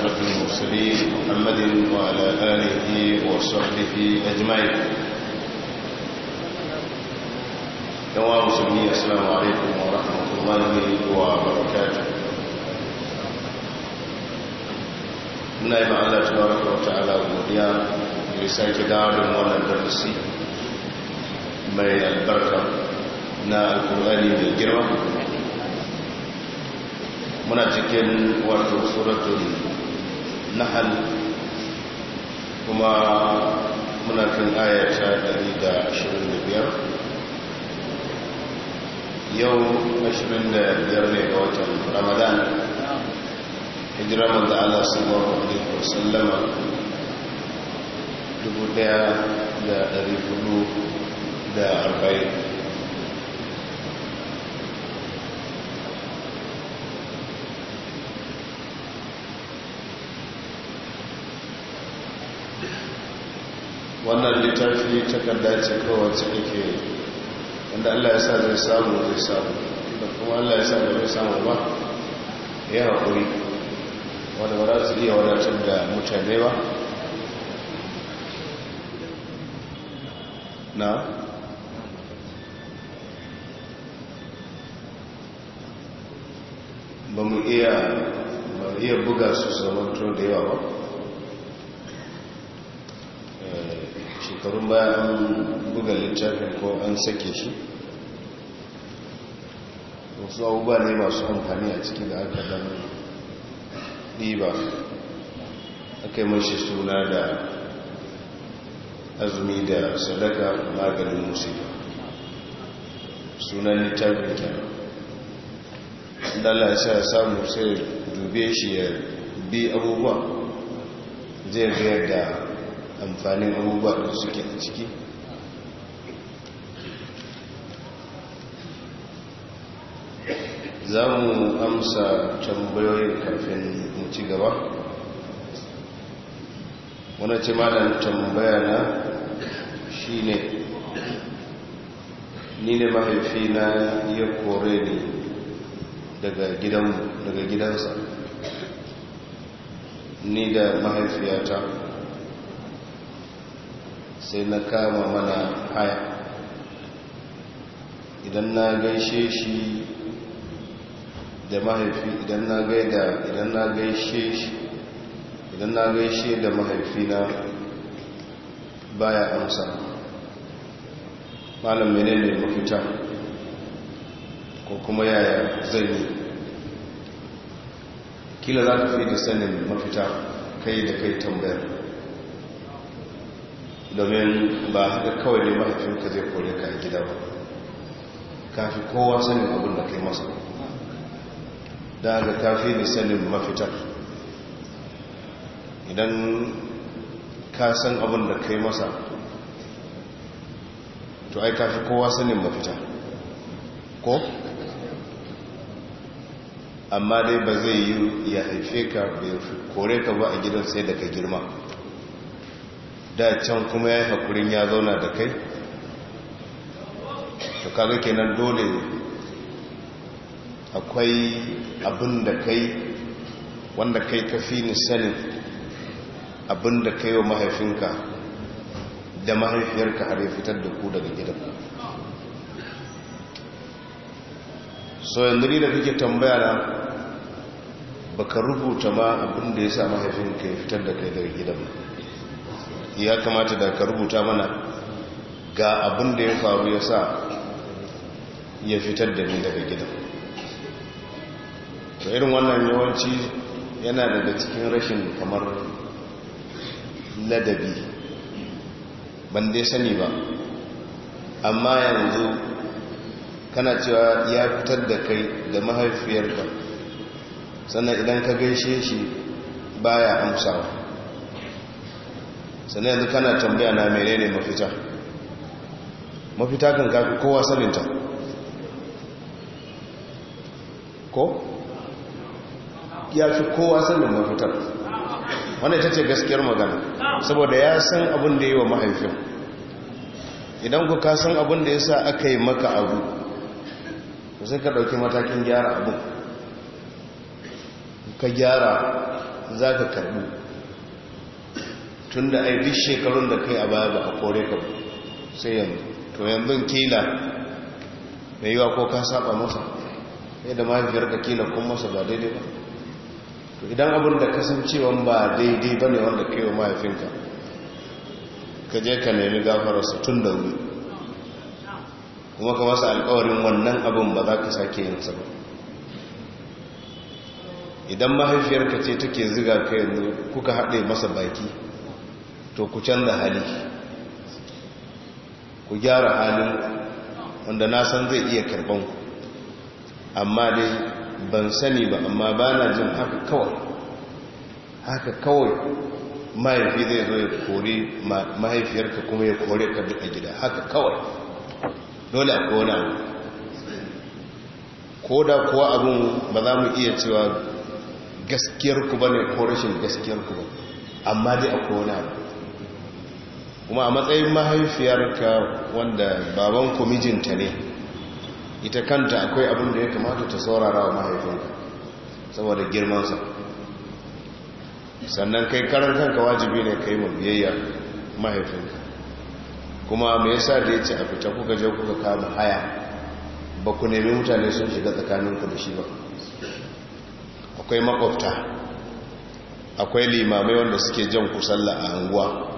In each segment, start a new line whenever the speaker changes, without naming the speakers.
أشرف المرسلين محمد وعلى آله وصحبه أجمعين دوام مسلمين السلام عليكم ورحمة الله وبركاته نائب الله تبارك وتعالى وديان لسائك دار ولا الدرسي mai البركة na القرآن الكريم girma muna cikin wato nahal kuma muna kan ayata 125 yau 25 ne ga watan ramadan hijira manzo Allah sallallahu alaihi wasallam 1440 wannan littafi takarda ce kawai ce ke wanda Allah ya sa zai samu zai samu da kuma Allah ya sa da zai samu ba ya haƙuri wanda ba za su iya wadatar da mutane ba na ba mu iya buga su zamantar da yawa ba shekarun bayan buga littafin ko an sake shi wasu abubuwa ne masu amfani a ciki da aka dan ɗiba aka yi mashi suna da azumi da sadaka maganin musulun sunan littafin kenan dala sa samu sai dube shi ya bi abubuwa zai zai da amfanin abubuwa da suke a ciki za mu amsa tambayoyin kafin mu ci gaba wani ce malam tambaya na shi ne ni ne mahaifina ya kore ne daga gidansa ni da mahaifiyata sai na kama mana haya idan na gaishe shi da mahaifi idan na gaida idan na gaishe shi idan na gaishe da mahaifina baya amsa malam menene mafita ko kuma yaya zai yi kila za ka fi da sanin mafita kai da kai tambayar domin ba haka kawai ne mahaifinka zai kore ka gida ba kafi kowa sanin abin da kai masa da haka kafi ne sanin mafitar idan ka san abin da kai masa to ai kafi kowa sanin mafita ko? amma dai ba zai yi ya haife ka bai kore ka ba a gidan sai da ka girma da can kuma ya haƙurin ya zauna da kai to ke kenan dole akwai abin da kai wanda kai ka fi ni sanin abin da kai wa mahaifinka da mahaifiyarka har ya fitar da ku daga gidan so yanzu ni da kake tambaya na baka rubuta ma abin da ya sa mahaifinka ya fitar da kai daga gidan ya kamata da ka rubuta mana ga abin da ya faru ya sa ya fitar da ni daga gida. to irin wannan yawanci yana daga cikin rashin kamar ladabi ban dai sani ba amma yanzu kana cewa ya fitar da kai da mahaifiyarka sannan idan ka gaishe shi baya amsawa sannan yanzu kana tambaya na menene mafita mafita kan kafi kowa saninta ko ya fi kowa sanin mafitar wanda ita ce gaskiyar magana saboda ya san abin da yi wa mahaifin idan ku ka san abin da ya sa aka yi maka abu sai ka ɗauki matakin gyara abu ka gyara za ka karɓi tun da ai duk shekarun da kai a baya ba a kore ka sai yanzu to yanzu kila mai yiwa ko ka saba masa sai da mahaifiyar ka kila kun masa ba daidai ba to idan abin da kasancewan ba daidai ba ne wanda kai wa mahaifinka ka je ka nemi gafararsa tun da wuri kuma ka masa alkawarin wannan abin ba za ka sake yin sa ba idan ka ce take ziga kai yanzu kuka haɗe masa baki to ku canza hali ku gyara halin wanda na san zai iya karban amma dai ban sani ba amma ba na jin haka kawai haka kawai mahaifi zai zo ya kori mahaifiyarka kuma ya kore ka duka gida haka kawai dole a kona ko da kuwa abin ba za mu iya cewa gaskiyarku ba ne ko rashin gaskiyarku ba amma dai a kona kuma a matsayin mahaifiyarka wanda baban mijinta ne ita kanta akwai abin da ya kamata ta saurara wa mahaifinka saboda girmansa sannan kai karan kanka wajibi ne kai mu biyayya mahaifinka kuma mai yasa da ya ce a fita kuka je kuka kama haya ba ku nemi mutane sun shiga tsakaninku da shi ba akwai makwabta akwai limamai wanda suke jan kusalla a anguwa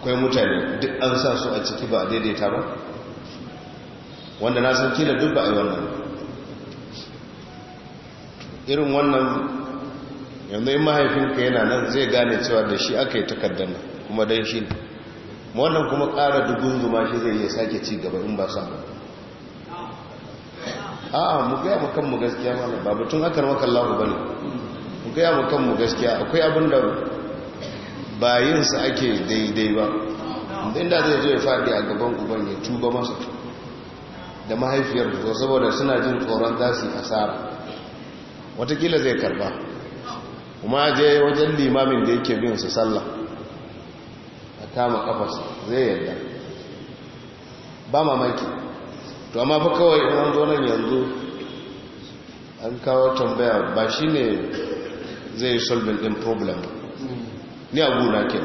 akwai mutane duk an sa su a ciki ba a daidaita ba wanda na san kila duk ba a yi wannan irin wannan yanzu yin mahaifinka yana nan zai gane cewa da shi aka yi takaddana kuma don shi wannan kuma ƙara dubun zuma shi zai iya sake ci gaba in ba samu a'a mu gaya mu gaskiya mana ba batun akar makallahu ba ne mu gaya mu gaskiya akwai abin da ba yinsa ake daidai ba inda zai zai faɗi a gaban uban ya tuba masa da mahaifiyar da saboda suna jin tsoron za su yi asara watakila zai karba kuma je wajen limamin da yake bin su sallah a kama kafas zai yadda ba mamaki to amma fa kawai in an zo nan yanzu an kawo tambaya ba shi ne zai solving din problem ba ni abu na ke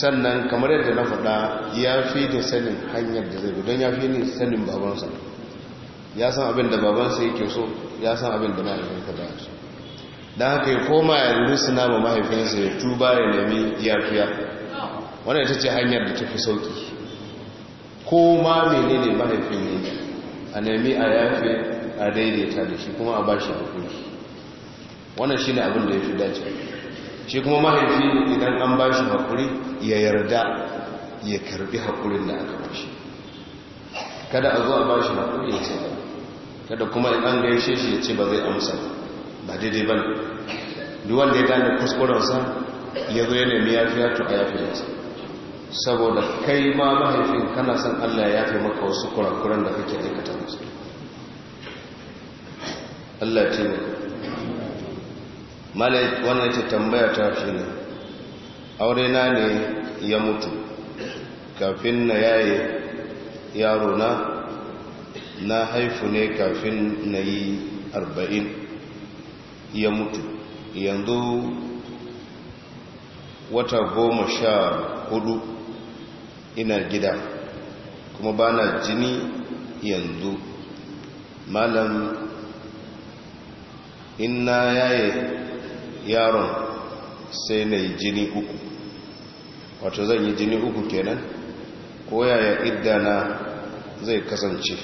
sannan kamar yadda na faɗa ya fi da sanin hanyar da zai don ya fi ni sanin babansa ya san abin da babansa yake so ya san abin da mahaifinka da su da haka ya koma ya rusuna ma mahaifinsa ya tuba ya nemi yafiya wannan ita ce hanyar da tafi sauki ko ma mene ne mahaifin ne a nemi a yafe a daidaita da shi kuma a ba shi
hukunci
wannan shi ne abin da ya fi dace shi kuma mahaifi idan an ba shi hakuri ya yarda ya karbi hakurin da aka ba kada a zo a ba shi hakuri ya ce kada kuma idan gaishe shi ya ce ba zai amsa ba daidai ba ne wanda ya gane kuskurensa ya zo ya nemi yafiya to a yafiyarsa saboda kai ma mahaifin kana son Allah ya fi maka wasu kurakuran da kake aikata musu Allah ce wannan ce tambaya ta shi ne aure ne ya mutu kafin na yaye yaro na na haifu ne kafin na yi arba'in ya mutu yanzu wata goma sha hudu ina gida kuma ba na jini yanzu malam in yaye yaron sai na yi jini uku wato zan yi jini uku kenan ko yaya idda zai kasance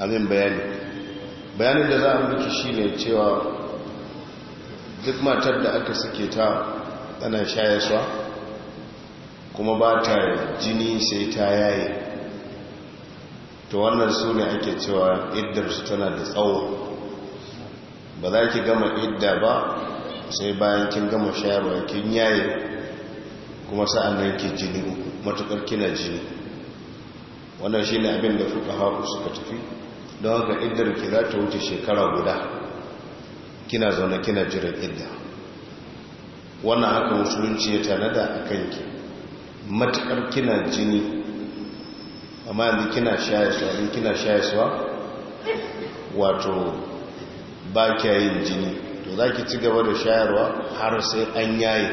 amin bayani bayanin da za a miki ne cewa duk matar da aka suke ta tana shayaswa kuma ba ta jini sai ta yaye to wannan su ne ake cewa iddarsu tana da tsawo ba za ki gama idda ba sai bayan kin gama shayarwa kin yaye kuma sa'an nan ki jini uku matukar kina jini wannan shine abin da fuka haku suka tafi don haka iddar ki za ta wuce shekara guda kina zaune kina jiran idda wannan haka musulunci ya tanada a kanki matukar kina jini amma yanzu kina shayarwa in kina shayarwa wato ba kya yin jini to za ki ci gaba da shayarwa har sai an yayi.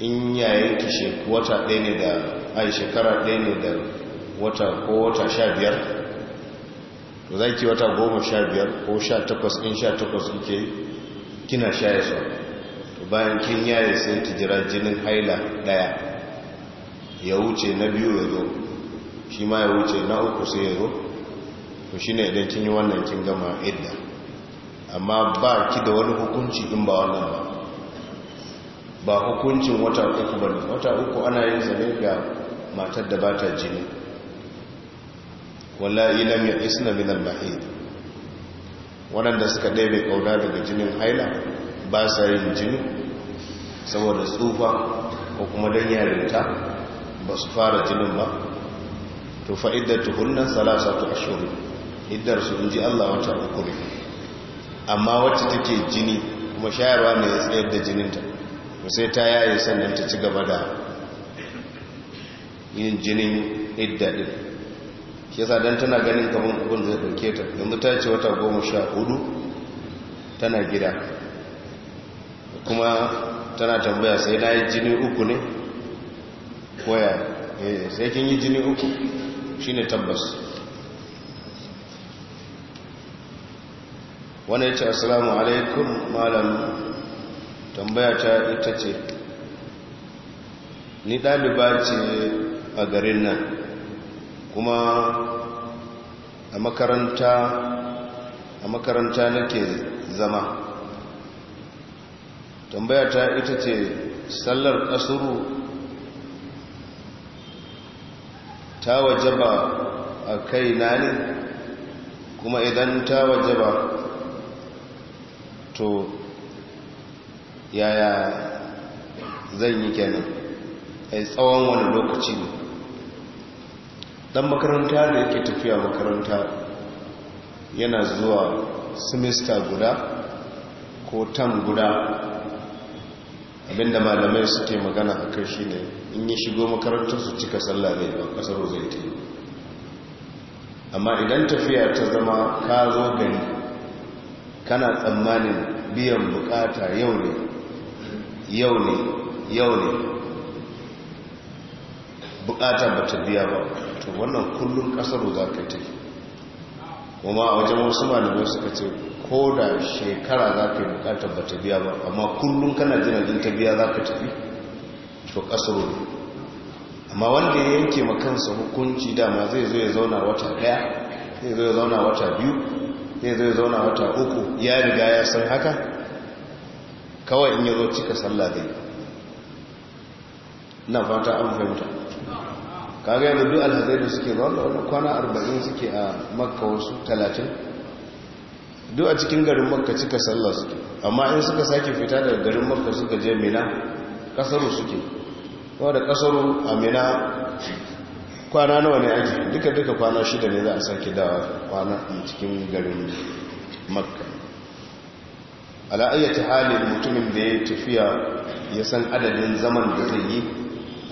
in yayin ki wata ɗaya ne da ai shekara ɗaya ne da wata ko wata sha biyar to za ki wata goma sha biyar ko sha takwas in sha takwas ke kina shaye su to bayan kin yayi sai ki jira jinin haila ɗaya ya wuce na biyu ya zo shi ma ya wuce na uku sai ya zo to shi ne idan kin yi wannan kin gama idda amma ba ki da wani hukunci in ba wannan ba ba hukuncin wata uku ba ne wata uku ana yin zane ga matar da ba ta jini wallahi lam ya isna min al-mahid waɗanda suka ɗebe kauna daga jinin haila ba sa yin jini saboda tsufa ko kuma don yarinta ba su fara jinin ba to fa'idar tuhunnan salasa ta ashirin iddarsu in ji allah wata uku ne amma wacce take jini kuma shayarwa mai tsayar da jininta ba sai ta yaye sannan ta ci gaba da yin jinin idda din shi yasa dan tana ganin kamar abin zai dauke ta yanzu ta ce wata goma sha hudu tana gida kuma tana tambaya sai na yi jini uku ne koya eh, sai kin yi jini uku shine tabbas wani ya ce assalamu alaikum malam tambaya ta ita ce ni ɗaliba ce a garin nan kuma a makaranta a makaranta nake zama tambaya ta ita ce sallar ƙasuru ta wajaba a kai na ne kuma idan ta wajaba to yaya zan yi kenan a tsawon wani lokaci ne dan makaranta da yake tafiya makaranta yana zuwa simista guda ko tam guda abinda malamai suke magana a kai shi ne in yi shigo makarantar su cika sallah ne ba kasar zai ta yi amma idan tafiya ta zama ka zo gani. kana tsammanin biyan bukata yau ne yau ne yau ne bukata ba ta biya ba to wannan kullum kasar za ka ta kuma a wajen wasu malamai suka ce ko da shekara za ka yi bukatar ba ta biya ba amma kullum kana jinagen ta biya za ka tafi to kasar amma wanda ya yanke makansa hukunci dama zai zo ya zauna wata daya zai zo ya zauna wata biyu ne zai zauna wata uku ya riga ya san haka kawai in yazo cika sallah dai na fata an fahimta kaga yanzu duk alhazai da suke ba wani kwana arba'in suke a makka wasu talatin duk a cikin garin makka cika sallah suke amma in suka sake fita daga garin makka suka je mina kasaru suke wadda kasaru a mina kwana nawa ne aji duka duka kwana shida ne za a sake dawa kwana cikin garin makka ala'ayyata halin mutumin da ya tafiya ya san adadin zaman da zai yi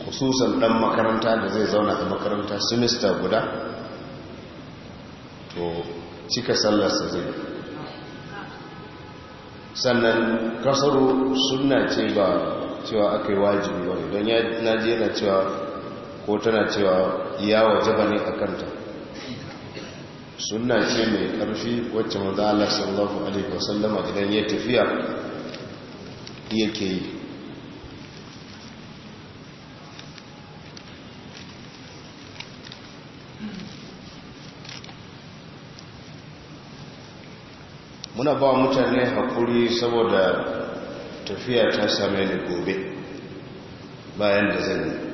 kususan dan makaranta da zai zauna a makaranta semester guda to cika sallarsa zai sannan kasaru suna ce ba cewa aka yi wajibi ba don ya naji yana cewa ko tana cewa ya wajaba ne a kanta suna ce mai ƙarfi wacce maza Allah sallallahu alaihi wasallama idan ya tafiya yake yi muna ba mutane haƙuri saboda tafiya ta same ni gobe bayan da zan yi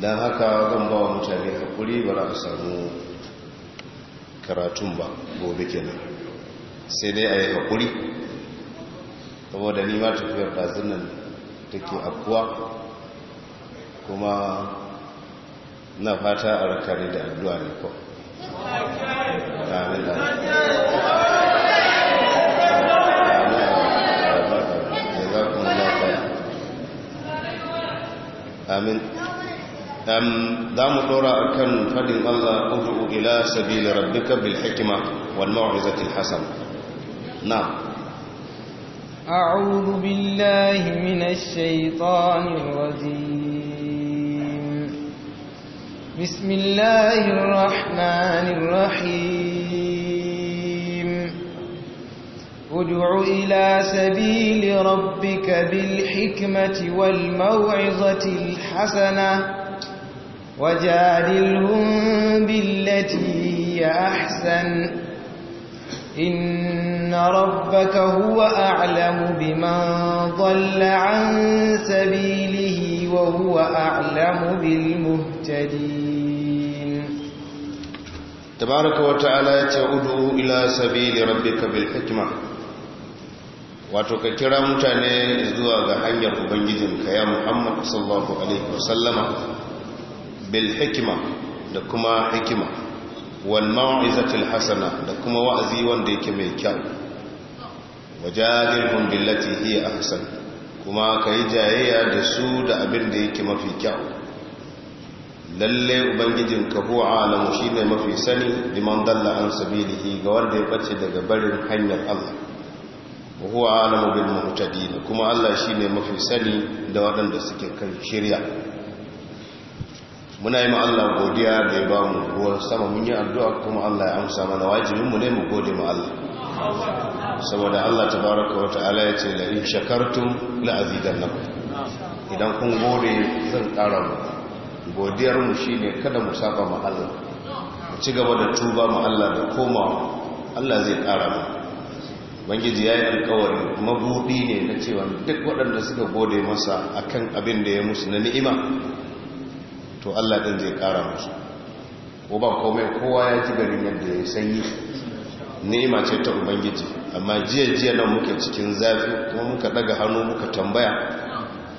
don haka zan ba wa mutane haƙuri ba za a samu karatun ba gobe kenan sai dai a yi hakuri saboda ni ma tafiyar ɗazin nan take abuwa kuma na fata a rakari da addu'a ne ko amin za mu dora akan fadin أدعو إلى سبيل ربك بالحكمة bil الحسنة نعم
أعوذ بالله من الشيطان الرجيم بسم الله الرحمن الرحيم
ادع إلى سبيل ربك بالحكمة والموعظة الحسنة وجادلهم بالتي هي أحسن إن ربك هو أعلم بمن ضل عن سبيله وهو أعلم بالمهتدين تبارك وتعالى تعودوا إلى سبيل ربك بالحكمة وتكترمتني إذ دعا mutane بنجد ga محمد صلى الله عليه وسلم alaihi bil hikima da kuma hikima wal mau'izatil da kuma wa'azi wanda yake mai kyau wajadilhum billati hiya ahsan kuma kai jayayya da su da abin da yake mafi kyau lalle ubangijin ka huwa alamu shine mafi sani liman dalla an sabilihi ga wanda ya bace daga barin hanyar Allah wa huwa alamu bil muhtadin kuma Allah shine mafi sani da waɗanda suke kan shirya muna yi Allah godiya da ya ba mu ruwan sama mun yi addu'a kuma Allah ya amsa mana wajibinmu ne mu gode ma'alla saboda Allah ta baraka wata ala ya ce la'in shakartun la'azidan na idan kun gode zan ƙara mu godiyarmu shi ne kada mu saba ma'alla Allah ci gaba da tuba ma'alla da koma Allah zai ƙara mu bangiji ya yi alkawari mabuɗi ne na cewa duk waɗanda suka gode masa akan abin da ya musu na ni'ima to Allah ɗin zai ƙara musu ko ba komai kowa ya ji garin yadda ya sanyi ni'ima ce ta ubangiji amma jiya jiya nan muke cikin zafi kuma muka daga hannu muka tambaya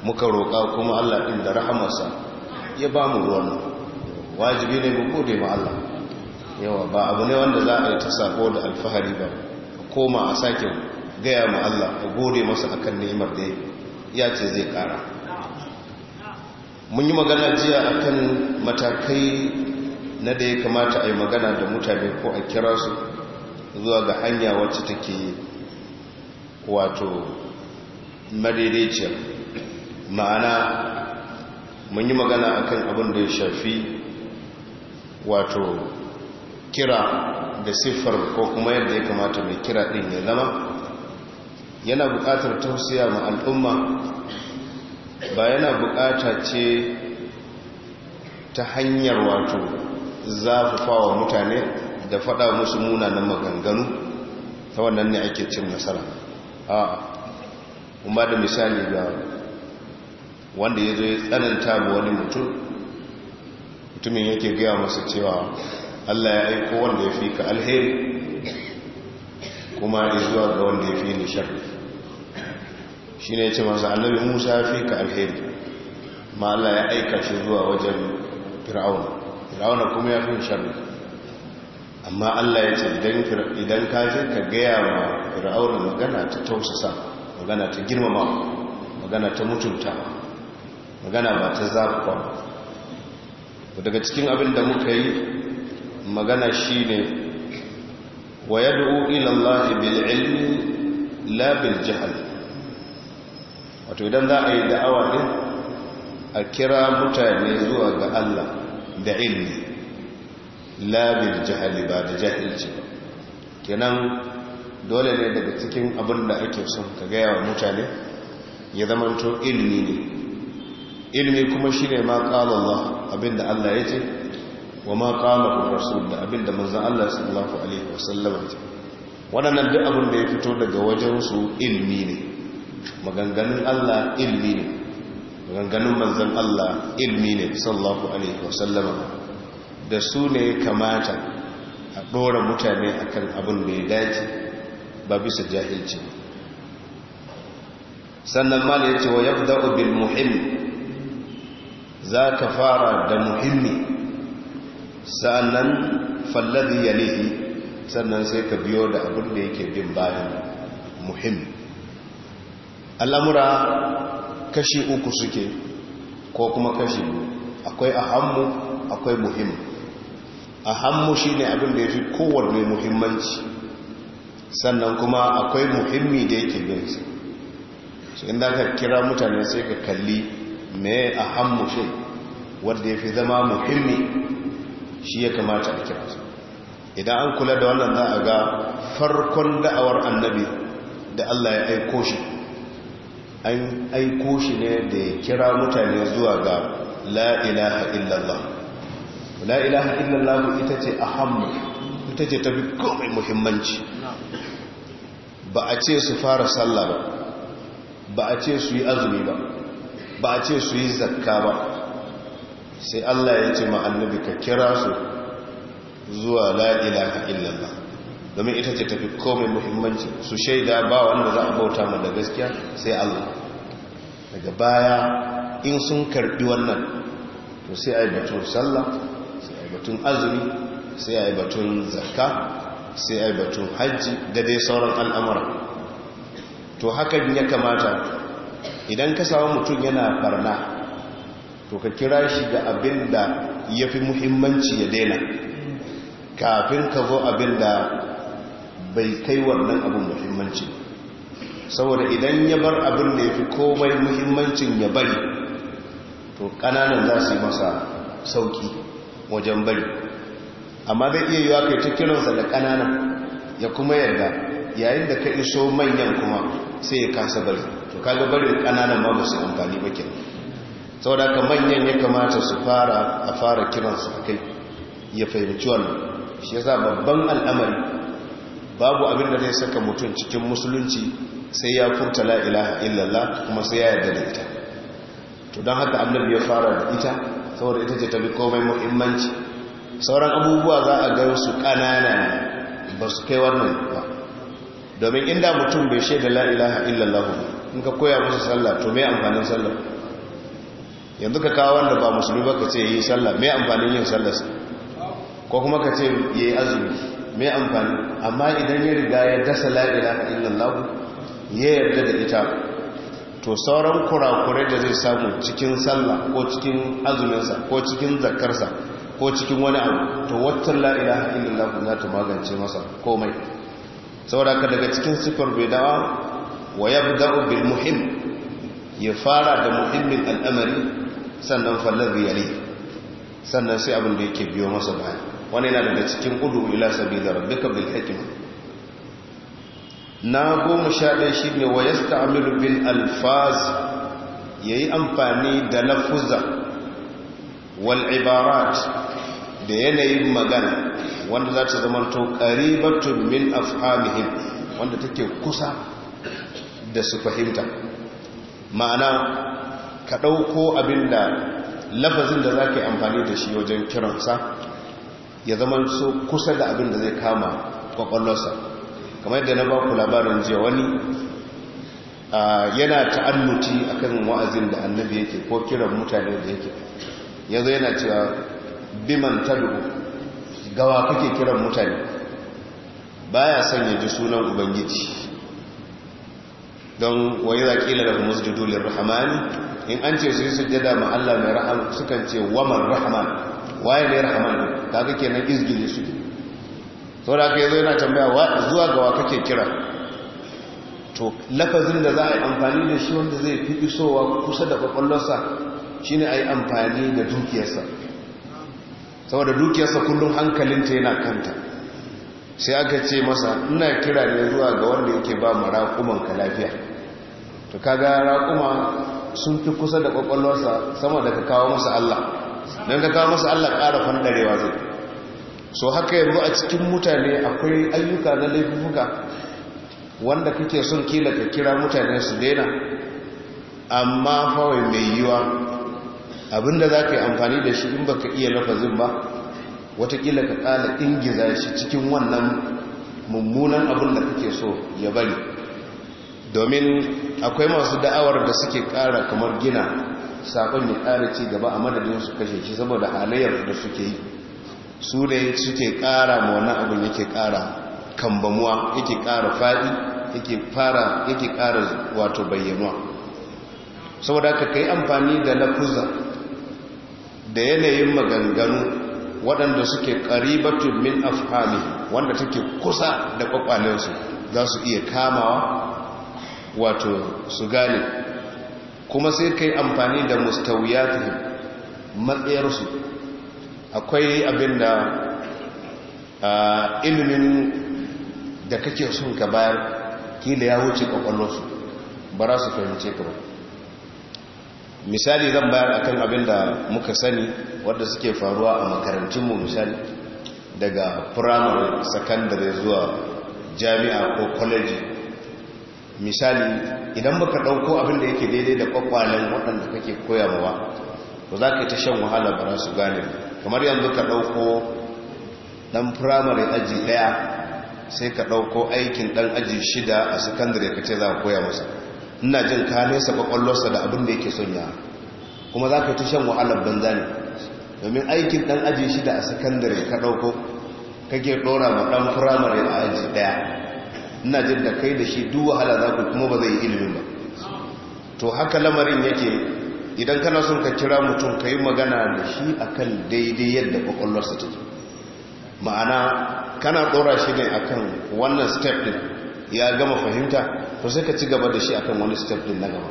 muka roƙa kuma Allah ɗin da rahamarsa ya ba mu ruwan wajibi ne mu gode ma Allah yawa ba abu ne wanda za a yi ta sako da alfahari ba koma a sake gaya ma Allah a gode masa akan ni'imar da ya ce zai ƙara mun yi magana jiya akan matakai na da ya kamata a yi magana da mutane ko a kira su zuwa ga hanya wacce take wato madaidaiciya ma'ana mun yi magana akan abin da ya shafi wato kira da siffar ko kuma yadda ya kamata mai kira ɗin ya zama yana buƙatar tausiya ma al'umma ba yana bukata ce ta hanyar wato zafafawa mutane da fada musu muna munanan maganganu ta wannan ne ake cin nasara a kuma da misali ga wanda ya zo ya tsananta ga wani mutum mutumin yake gaya masa cewa allah ya aiko wanda ya fi ka alheri kuma zuwa ga wanda ya fi nishar shi ne ce masu annabi musa fi ka alheri ma Allah ya aika shi zuwa wajen fir'auna fir'auna kuma ya fi sharri amma Allah ya ce idan ka fi ka gaya ma fir'auna magana ta tausasa magana ta girmama magana ta mutunta magana ba ta ba daga cikin abin da muka yi magana shi ne wa yadda ilallahi bil'ilmi la bil jihar wato idan za a yi da'awa din a kira mutane zuwa ga Allah da ilmi labir jahali ba da jahilci ba kenan dole ne daga cikin abin da ake son ka gaya wa mutane ya zamanto ilmi ne ilmi kuma shi ne ma ƙala Allah abinda Allah ya ce wa ma ƙala rasul da abinda manzan Allah sallallahu alaihi wasallam ce waɗannan duk abin da ya fito daga wajen su ilmi ne maganganun Allah ilmi ne maganganun manzan Allah ilmi ne sallallahu alaihi wasallam da su ne kamata a ɗora mutane akan abin da ya dace ba bisa jahilci sannan ma ya ce wa yabda bil muhim za ka fara da muhimmi sannan falladi yalihi sannan sai ka biyo da abin da yake bin bayan muhimmi al'amura kashi uku suke ko kuma kashi akwai ahammu akwai muhimmu ahammu shi ne abin da ya fi kowanne muhimmanci sannan kuma akwai muhimmi da yake binsa su inda ka kira mutane sai ka kalli mai ahammu shi wadda ya fi zama muhimmi shi ya kamata a kira su idan an kula da wannan za a ga farkon da'awar annabi da Allah ya aiko shi an aiko shi ne da ya kira mutane zuwa ga la'ilaha illallah la'ilaha illallah ita ce a hammu ita ce tafi komai muhimmanci ba a ce su fara sallah ba ba a ce su yi azumi ba ba a ce su yi zakka ba sai Allah ya ce ma ka kira su zuwa la'ilaha illallah domin ita ce tafi komai muhimmanci su shaida ba wanda za a bauta ma da gaskiya sai Allah daga baya in sun karbi wannan to sai a yi batun sallah sai a yi batun azumi sai a yi batun zakka sai a yi batun hajji da dai sauran al'amura to hakan ya kamata idan ka samu mutum yana barna to ka kira shi ga abin da ya fi muhimmanci ya daina kafin ka zo abin da bai kai wannan abin muhimmanci saboda idan ya bar abin da ya fi komai muhimmancin ya bari to ƙananan za su yi masa sauki wajen bari amma zai iya yiwa kai ta kiransa da ƙananan ya kuma yarda yayin da ka iso manyan kuma sai ya kasa bari to kaga da kananan ma ba su amfani ba saboda ka manyan ya kamata su fara a fara kiransa a kai ya fahimci wannan shi yasa babban al'amari babu abin da zai saka mutum cikin musulunci sai ya furta la ilaha illallah kuma sai ya yarda da ita to don haka annabi ya fara da ita saboda ita ce ta bi komai muhimmanci sauran abubuwa za a gan su ƙanana ne ba su kai wannan ba domin inda mutum bai shaida la ilaha illallah in ka koya musu sallah to mai amfanin sallah yanzu ka kawo wanda ba musulmi ba ka ce yi sallah mai amfanin yin sallah ko kuma ka ce yi azumi mai amfani amma idan ya riga ya dasa la'ila illallahu ya yarda da ita to sauran kurakurai da zai samu cikin sallah ko cikin azuminsa ko cikin zakarsa ko cikin wani abu to wata la'ila illallahu za ta magance masa komai saboda ka daga cikin sifar bai dawa wa ya bi bil muhim ya fara da muhimmin al'amari sannan fallar riyali sannan sai abin da yake biyo masa baya wani yana daga cikin udu ila rabbi rabbika bil hikma na goma sha ɗaya shi ne wa yasta amiru bin alfaz ya yi amfani da lafuza wal ibarat da yanayin magana wanda za ta zama to ƙaribatun min afhamihim wanda take kusa da su fahimta ma'ana ka ɗauko abin da lafazin da za ka yi amfani da shi wajen kiransa ya zama so kusa da abin da zai kama kwakwallonsa kamar yadda na ba ku labarin jiya wani yana ta'annuti akan wa'azin da annabi yake ko kiran mutane da yake yanzu yana cewa biman talibu gawa kake kiran mutane baya son ya ji sunan ubangiji don waye wayi da daga musjidulin rahamani in an ce su yi sujjada ma'alla mai rahama sukan ce waman rahama. waye ne rahman kaga kenan izgili su saboda haka yazo yana tambaya zuwa ga wa kake kira to lafazin da za a yi amfani da shi wanda zai fi isowa kusa da kwakwallonsa shi ne a yi amfani da dukiyarsa saboda dukiyarsa kullum hankalinta yana kanta sai aka ce masa ina kira ne zuwa ga wanda yake ba ma raƙumanka lafiya to kaga raƙuma sun fi kusa da kwakwallonsa sama da ka kawo masa Allah don ka kawo masa allah ƙara fanɗarewa zai so haka yanzu a cikin mutane akwai ayyuka na laifuka wanda kake son kila ka kira mutane su daina amma fawai mai yiwa abinda za ka yi amfani da shi in baka iya lafazin ba watakila ka ƙala ingiza shi cikin wannan mummunan abin da kake so ya bari domin akwai masu da'awar da suke ƙara kamar gina sakon ya kara ci gaba a madadin su kashe shi saboda halayyar da suke yi su ne suke ƙara ma wannan abin yake ƙara kambamuwa yake ƙara faɗi yake fara yake ƙara wato bayyanuwa saboda ka kai amfani da lafuza da yanayin maganganu waɗanda suke ƙaribatun min afhami wanda take kusa da ƙwaƙwalensu za su iya kamawa wato su gane kuma sai kai amfani da mustawiyatuhum matsayarsu akwai abin da ilimin da kake son ka bayar kila ya wuce kwakwallonsu ba za su fahimce ka misali zan bayar akan abin da muka sani wadda suke faruwa a makarantunmu misali daga firamare sakandare zuwa jami'a ko kwaleji misali idan baka ɗauko abin da yake daidai da kwakwalen waɗanda kake koyarwa ba za ka yi ta shan wahala ba su gane kamar yanzu ka ɗauko ɗan firamare aji ɗaya sai ka ɗauko aikin ɗan aji shida a sakandare ka ce za ka koya masa ina jin ka nesa kwakwalwarsa da abin da yake sonya kuma za ka yi ta shan wahala ban zane domin aikin ɗan aji shida a sakandare ka ɗauko kake ɗora ma ɗan firamare a aji ɗaya ina jin da kai da shi duk wahala za ku kuma ba zai ilimin ba to haka lamarin yake idan kana son ka kira mutum ka yi magana da shi akan daidai yadda ta take ma'ana kana ɗora shi ne akan wannan step din ya gama fahimta to sai ka ci gaba da shi akan wani step din na gaba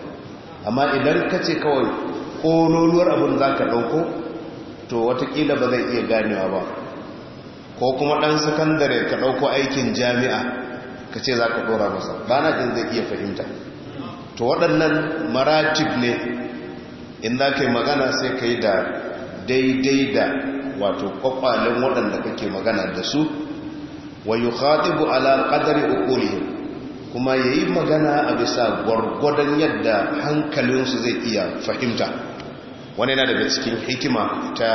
amma idan ka ce kawai ƙololuwar abin za ka ɗauko to watakila ba zai iya ganewa ba ko kuma ɗan sakandare ka ɗauko aikin jami'a ka ce za ka dora masa ba na jin zai iya fahimta to waɗannan maratib ne in ka yi magana sai ka yi da daidai da wato ƙwaƙwalen waɗanda kake magana da su wa yi khatibu ala ƙadari kuma ya yi magana a bisa gwargwadon yadda hankalinsu zai iya fahimta wani yana daga cikin hikima ta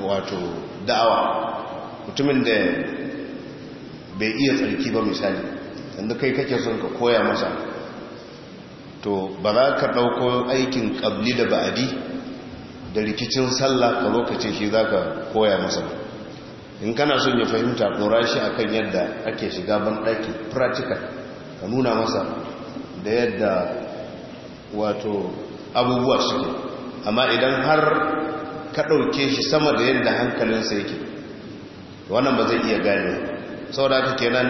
wato da'awa mutumin da bai iya tsarki ba misali inda kai kake son ka koya masa to ba za ka ɗauko aikin ƙabli da ba'adi da rikicin sallah ka lokacin shi za ka koya masa in kana son ya fahimta ɗora shi akan yadda ake shiga banɗaki practical ka nuna masa da yadda wato abubuwa suke amma idan har ka ɗauke shi sama da yadda hankalinsa yake wannan ba zai iya gane saboda kenan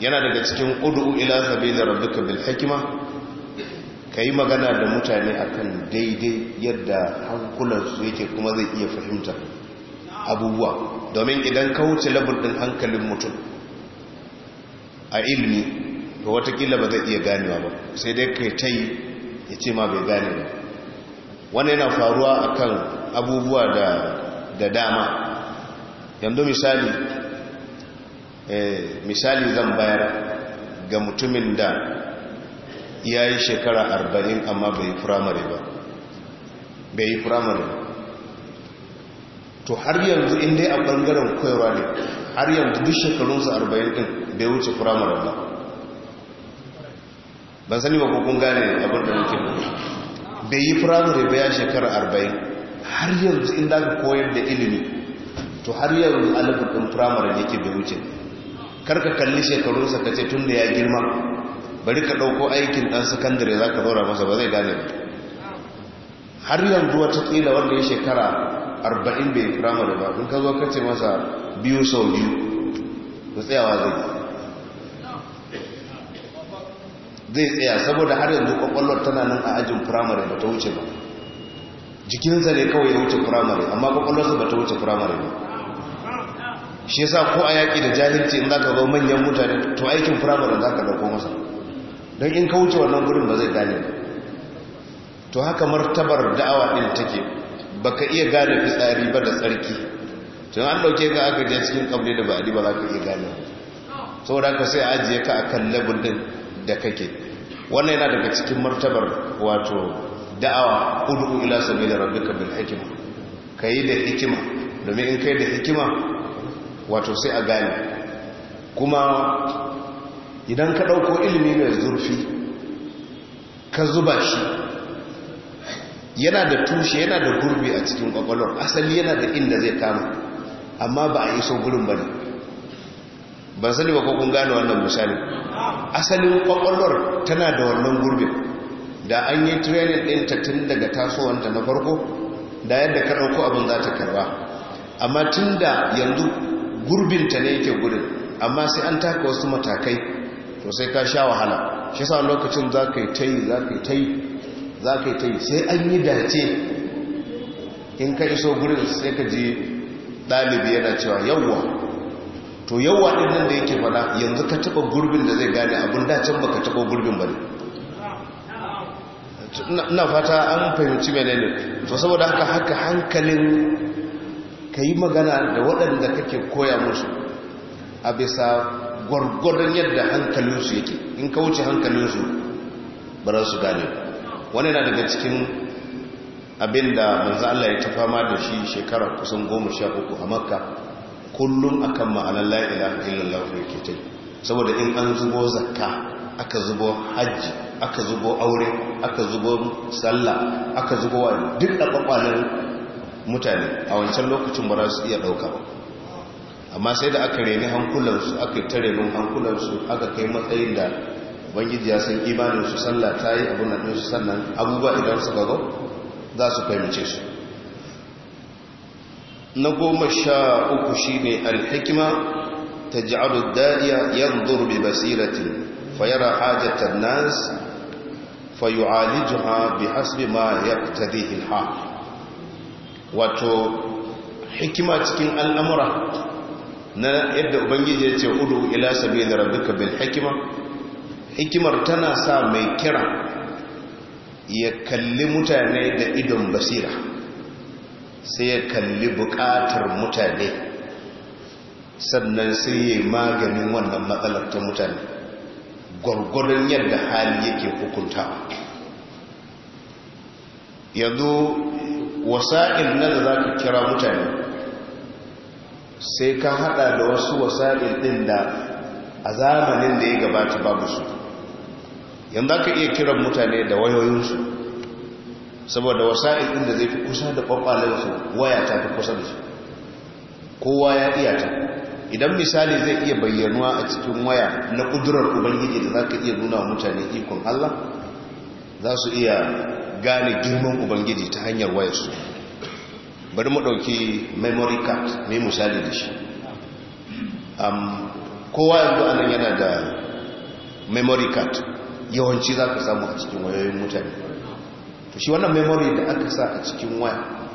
yana daga cikin ud'u ila sabili rabbika bil hikma kai magana da mutane akan daidai yadda hankulansu yake kuma zai iya fahimta abubuwa domin idan ka wuce labur din hankalin mutum a ilmi to watakila ba zai iya ganewa ba sai dai kai ta yi ya ce ma bai gane ba wanda yana faruwa akan abubuwa da dama yanzu misali Eh, misali zan bayar ga mutumin da ya yi shekara arba'in amma bai yi firamare ba bai yi firamare to har yanzu inda a ɓangaren koyarwa ne har yanzu duk shekarunsa arba'in ɗin bai wuce firamare ba ban sani ba kukun gane abin da nake bai yi firamare ba ya shekara arba'in har yanzu inda ka koyar da ilimi to har yanzu alifin ɗin firamare ne ke bai wuce karka kalli shekarunsa ka ce tun da ya girma bari ka ɗauko aikin ɗan sakandare za ka zaura masa ba zai gane ba har yanzu wata ƙila wanda ya shekara arba'in bai firamare ba in ka zo ka ce masa biyu sau biyu ku tsayawa zai zai tsaya saboda har yanzu kwakwalwar tana nan a ajin firamare ba ta wuce ba jikinsa ne kawai ya wuce firamare amma kwakwalwarsa ba ta wuce firamare ba shi yasa ko a yaƙi da jahilci in za ka zo manyan mutane to aikin firamare zaka ka ɗauko masa don in ka wuce wannan gurin ba zai gane to haka martabar da'awa ɗin take baka iya gane fitsari ba da tsarki tun an ɗauke ka aka je cikin ƙabli da ba'adi ba za ka iya gane saboda haka sai a ajiye ka akan labul ɗin da kake wannan yana daga cikin martabar wato da'awa udu ila sabila rabbika bil hikma kai da hikima domin in kai da hikima wato sai a gane kuma idan ka ɗauko ilimi mai zurfi ka zuba shi yana da tushe yana da gurbi a cikin ƙwaƙwalwar asali yana da inda zai kama amma ba a yi iso gurin ba ne ban sani ba kun gane wannan misali asalin ƙwaƙwalwar tana da wannan gurbin da an yi training ɗinta tun daga tasowanta na farko da yadda ka ɗauko abin za ta karba amma tun da yanzu Gurbin ta ne yake gurin amma sai an taka wasu matakai to sai ka sha wahala shi sa lokacin za ka yi ta yi za ka yi ta yi za ka yi ta yi sai an yi dace in ka iso gurin sai ka ji ɗalibi yana cewa yawwa to yawwa ɗin nan da yake faɗa yanzu ka taɓa gurbin da zai gane abin dacen ba ka taɓa gurbin ba ne na fata an fahimci menene to saboda haka hankalin ka yi magana da waɗanda kake koya musu a bisa gwargwadon yadda hankalinsu yake in ka wuce hankalinsu bara su gane wani na daga cikin abin da manzan Allah ya ma da shi shekara kusan goma sha uku a makka kullum a kan ma'anar la ilaha illallah ke ta saboda in an zubo zakka aka zubo hajji aka zubo aure aka zubo sallah aka zubo wani duk a mutane a wancan lokacin ba su iya ɗauka ba amma sai da aka reni hankulansu aka ta renin hankulansu aka kai matsayin da bangiji ya san imaninsu sallah ta yi abin da ɗinsu sannan abubuwa idan suka zo za su fahimce su na goma sha uku shi ne alhikima ta adu dariya yan durbi basiratin fayara hajjatar nas alijuha bi hasbi ma ya tarihin ha wato hikima cikin al'amura na yadda ubangiji ya ce udu ila sabi da rabbika bil hikima hikimar tana sa mai kira ya kalli mutane da idon basira sai ya kalli bukatar mutane sannan sai ya maganin wannan matsalar ta mutane gwargwadon yadda hali yake hukunta yanzu wasa'il na da za ka kira mutane sai ka hada da wasu wasa'il din da a zamanin da ya gabata babu su yanzu ka iya kiran mutane da wayoyinsu saboda wasa'il din da zai fi kusa da kwakwalensu waya ta fi kusa da su kowa ya iya ta idan misali zai iya bayyanuwa a cikin waya na kudurar ubangiji da za ka iya nuna mutane ikon allah za su iya gane girman ubangiji ta hanyar wayarsu bari mu ɗauki memory card mai misali da shi kowa yanzu anan yana da memory card yawanci za ka samu a cikin wayoyin mutane to shi wannan memory da aka sa a cikin waya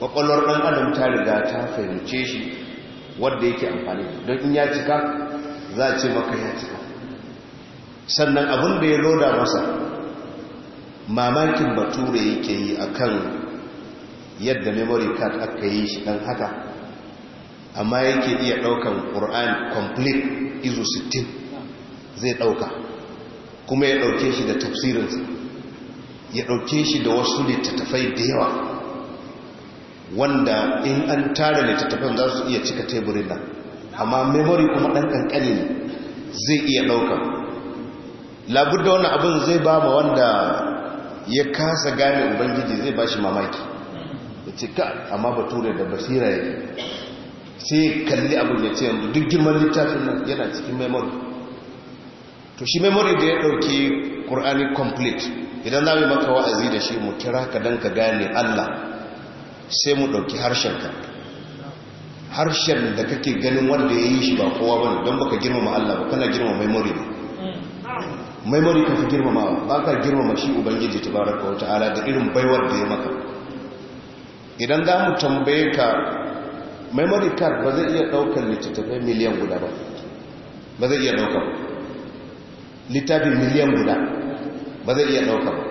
kwakwalwar ɗan adam ta riga ta fahimce shi wadda yake amfani don in ya cika za a ce maka ya cika sannan abin da ya loda masa mamakin bature yake yi a kan yadda memory card aka yi shi dan haka amma yake iya daukan Qur'an complete izu 60 zai dauka kuma ya ɗauke shi da tafsirinsa ya dauke shi da wasu littattafai da yawa wanda in an tara littattafan za su iya cika teburin nan amma memory kuma ɗan kankani ne zai iya dauka labudda wannan abin zai ba ma wanda ya kasa gane ubangiji zai ba shi mamaki ya ce ka amma bature da basira yake sai kalli abin ya ce yanzu duk girman littafin nan yana cikin memory to shi memory da ya ɗauki ƙur'ani complete idan na maka wa'azi da shi mu kira ka don ka gane allah sai mu ɗauki ka harshen da kake ganin wanda ya yi shi ba kowa ba don baka girmama allah ba kana girmama memory ne maimari ka fi girmamawa ba ka girmama shi ubangiji ta tabaraka wata ala da irin baiwar da ya maka idan za mu tambaye ka memory ka ba zai iya daukar littattafai miliyan guda ba ba zai iya daukar littafin miliyan guda ba zai iya daukar ba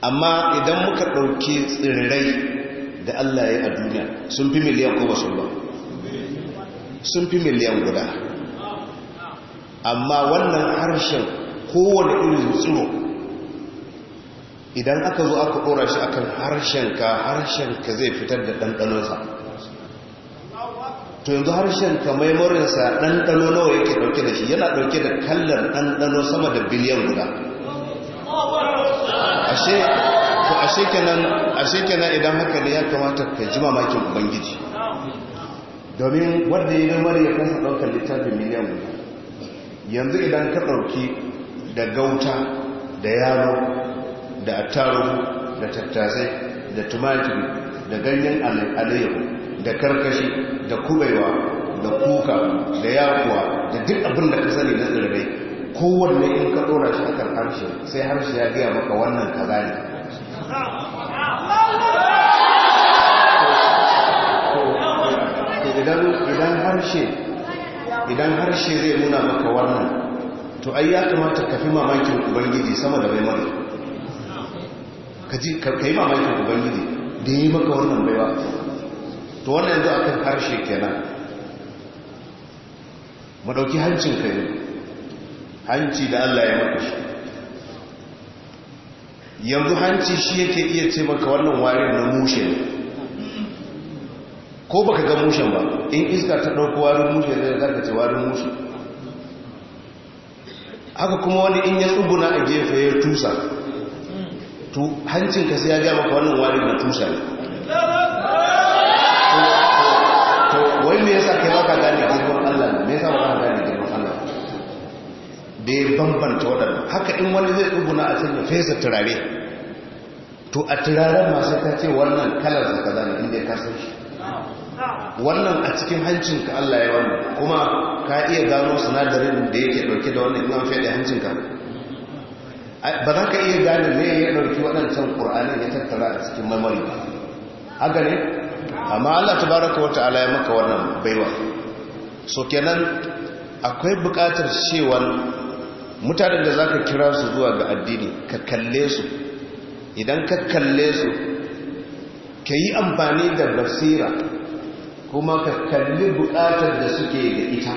amma idan muka ɗauki tsirrai da Allah ya yi a duniya sun fi miliyan ko sun ba sun fi miliyan guda amma wannan harshen kowane irin tsiro idan aka zo aka ɗora shi akan harshenka harshenka zai fitar da ɗanɗanonsa to yanzu harshenka maimarinsa ɗanɗano nawa yake ɗauke da shi yana ɗauke da kallon ɗanɗano sama da biliyan guda ashe kenan idan haka ne ya kamata ka ji mamakin ubangiji domin wanda ya yi marmari ya kasa ɗaukar littafin miliyan guda yanzu idan ka ɗauki da gauta da yaro da taro, da tattasai da tumatiri da ganyen alayyahu da karkashi da kubewa da kuka da yakuwa da duk abin da ka sani na tsirrai kowanne in ka ɗora shi akan harshe sai harshe ya gaya maka wannan kaza ne idan harshe idan harshe zai nuna maka wannan to ai ya kamata ka fi mamakin ubangiji sama da bai ji ka yi mamakin ubangiji da yi maka wannan baiwa to wannan yanzu akan harshe kenan mu ɗauki hancin ka yi hanci da allah ya maka shi yanzu hanci shi yake iya ce maka wannan wari na mushe ne ko baka ga mushen ba in iska ta dauko warin mushe zai zarka ce warin mushe haka kuma wani in ya tsubuna a gefe ya tusa to hancin ka sai ya ga maka wannan warin da tusa ne to wai me yasa kai baka gane girman Allah ne me yasa baka gane girman Allah da ya bambanta waɗannan haka in wani zai tsubuna a cikin fesa turare to a turaren masu ta ce wannan kalar zaka zane inda ya kasance wannan a cikin hancinka Allah ya wannan kuma ka iya gano sinadarin da yake dauke da wannan imam fiye da hancinka ba za ka iya gane ne ya dauki waɗancan ƙur'anin ya tattara a cikin mamari ba haka ne amma Allah ta baraka wa ta'ala ya maka wannan baiwa so kenan akwai buƙatar cewan mutanen da za ka kira su zuwa ga addini ka kalle su idan ka kalle su ka yi amfani da basira kuma ka kalli bukatar da suke da ita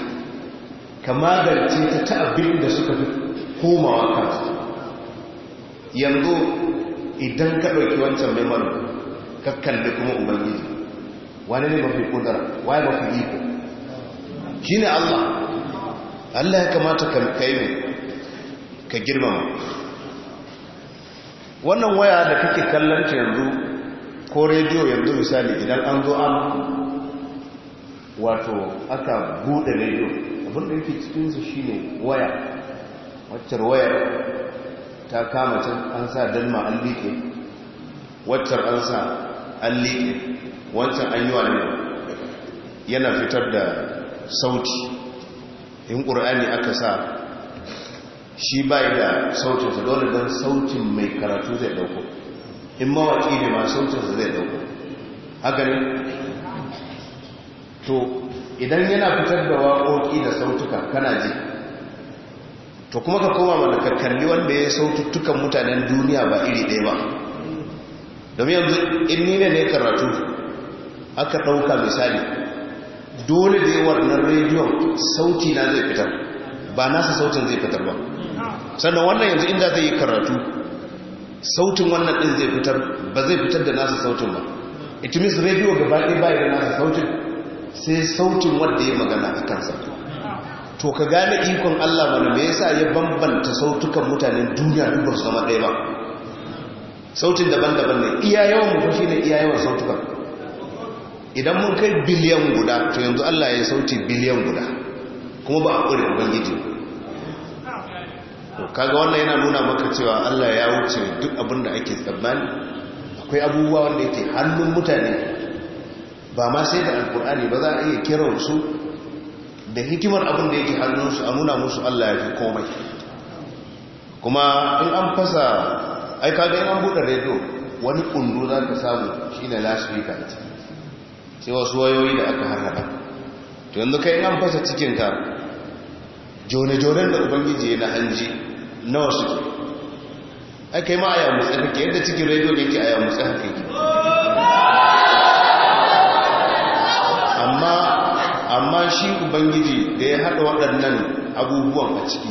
ka magance ta ta abin da suka fi komawa kansu yanzu idan ka ɗauki wancan mai mara ka kalli kuma ubangiji wani ne mafi kudara waye mafi iko shi ne allah allah ya kamata ka kai ne ka girmama wannan waya da kake kallon yanzu ko rediyo yanzu misali idan an zo an wato aka bude rediyo abinda yake cikinsu shine waya waccar wayar ta kama can an sa dalma an liƙe waccar an sa an liƙe wancan an yi wani yana fitar da sauti in ƙur'ani aka sa shi bai da sautinsa dole don sautin mai karatu zai dauko in mawaƙi ne ma sautinsa zai dauko haka ne to idan yana fitar da waƙoƙi da sautuka kana ji to kuma ka koma mana ka kalli wanda ya saututtukan mutanen duniya ba iri ɗaya ba domin yanzu in ni ne ne karatu aka ɗauka misali dole da yawar na rediyon sauti na zai fitar ba nasa sautin zai fitar ba sannan wannan yanzu inda zai yi karatu sautin wannan ɗin zai fitar ba zai fitar da nasa sautin ba it means rediyo gaba ɗaya bayan da nasa sautin sai sautin wanda ya magana a kansa to ka gane ikon Allah wani mai yasa ya bambanta sautukan mutanen duniya duk su zama ɗaya ba sautin daban-daban ne iya yawan mu ne iya yawan sautukan idan mun kai biliyan guda to yanzu Allah ya sauti biliyan guda kuma ba a ƙure ubangiji kaga wannan yana nuna maka cewa Allah ya wuce duk abin da ake tsammani akwai abubuwa wanda yake hannun mutane ba ma sai da alkur'ani ba za a iya kiran da hikimar abin da yake hannunsu a nuna musu Allah ya fi komai kuma in an fasa aika kaga in buɗe rediyo wani ƙundu za ka samu shi shine lasfika ce, sai wasu wayoyi da aka harhaɗa to yanzu kai in an fasa cikinka jone-jonen da ubangiji na hanji nawa suke ai kai ma a yamutsa kake yadda cikin rediyo yake a yamutsa kake amma amma shi ubangiji da ya haɗa waɗannan abubuwan a ciki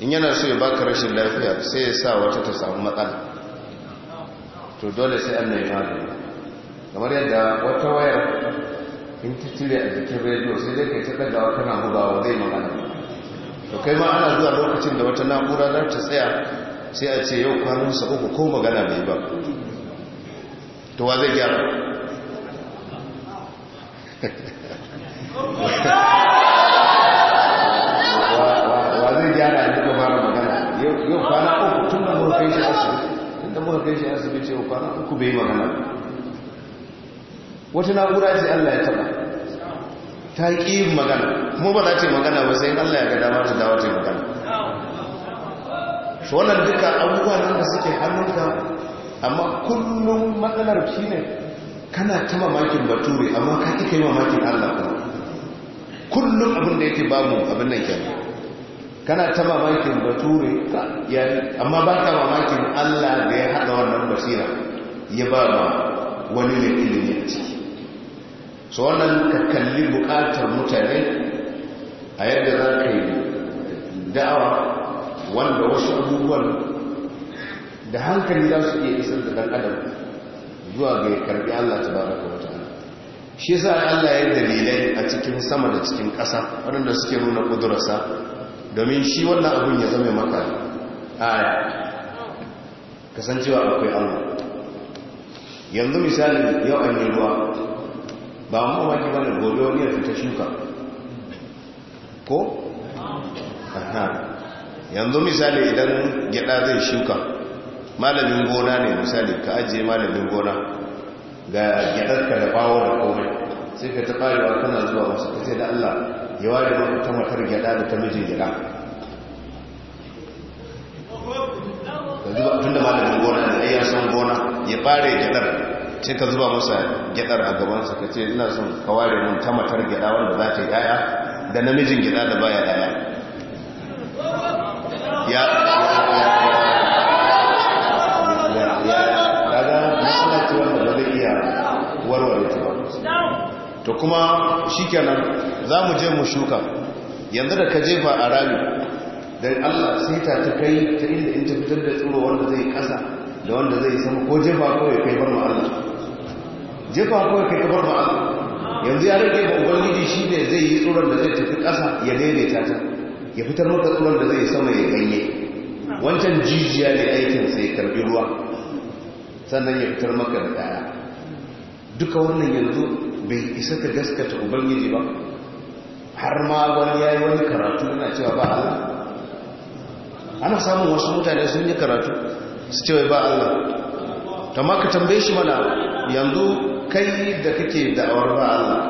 in yana so ya baka rashin lafiya sai ya sa wata ta samu matsala to dole sai an nemi magani kamar yadda wata wayar in ta cire a jikin rediyo sai dai kai ta ɗagawa kana bugawa zai magana to kai ma ana zuwa lokacin da wata na'ura za ta tsaya sai a ce yau kwanansa uku ko magana bai ba to wa zai gyara wa zai gyara da duka fara magana yau kwana uku tun da muka kai shi asibiti tun da muka kai shi asibiti yau kwana uku bai magana wata na'ura ce allah ya taba ta ƙi magana kuma ba za ta magana ba sai allah ya ga dama ta dawa ta magana shi wannan duka abubuwa nan da suke hannunka amma kullum matsalar shi ne kana ta mamakin bature amma ka kai mamakin allah ba kullum abin da yake bamu abin nan kenan kana ta mamakin bature amma ba ka mamakin allah da ya haɗa wannan basira ya ba ba wani mai ilimi a ciki so wannan ka kalli bukatar mutane a yadda za ka yi da'awa wanda wasu abubuwan da hankali za su iya isar da ɗan adam zuwa ga karbi Allah tabaraka wa ta'ala shi sa Allah ya dalilai a cikin sama da cikin ƙasa waɗanda suke nuna ƙudurarsa domin shi wannan abin ya zama maka aya kasancewa akwai Allah yanzu misali yau an yi ruwa ba mu mamaki ba ne gobe wani ya fita shuka ko? yanzu misali idan gyada zai shuka malamin gona ne misali ka ajiye malamin gona ga gyadarka da bawo da komai sai ka ta farewa kana zuwa wasu ta ce da Allah ya ware maka ta matar gyada da ta mijin gyada ka zuba tun da malamin gona da ya san gona ya fare gyadar sai ka zuba masa gyadar a gabansa ka ce ina son ka ware min ta matar gyada wanda za ta yi ƴaƴa da namijin gyada da baya ya
ya
warware ta to kuma shikenan za mu je mu shuka yanzu da ka jefa a rami don allah sai ta ta kai ta inda in ta fitar da tsoro wanda zai kasa da wanda zai sama ko jefa kawai kai bar ma'alla jefa kawai kai bar ma'alla yanzu ya rage ba ubangiji shi ne zai yi tsoron da zai tafi kasa ya daidaita ta ya fitar maka tsoron da zai sama ya ganye wancan jijiya ne aikin sai karbi ruwa sannan ya fitar maka da ɗaya duka wannan yanzu bai isa ta gaskata ubangiji ba har ma wani ya yi wani karatu yana cewa ba Allah ana samun wasu mutane sun yi karatu su cewa ba Allah ta maka tambaye shi mana yanzu kai da kake da'awar ba Allah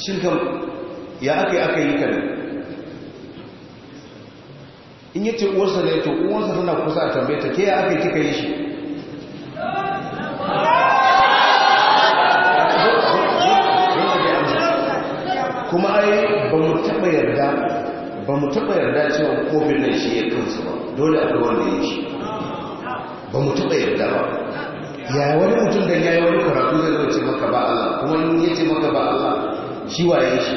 shin kan ya aka yi aka yi kare in yi ce uwarsa ne to uwarsa suna kusa a tambaye ta ke ya aka yi kika yi shi kuma ai ba mu taba yarda ba mu taba yarda cewa covid nan shi ya kansu ba dole a wanda da shi ba mu taba yarda ba ya wani mutum da ya yi wani karatu zai zo ce maka ba Allah kuma in ya ce maka ba Allah shi waye shi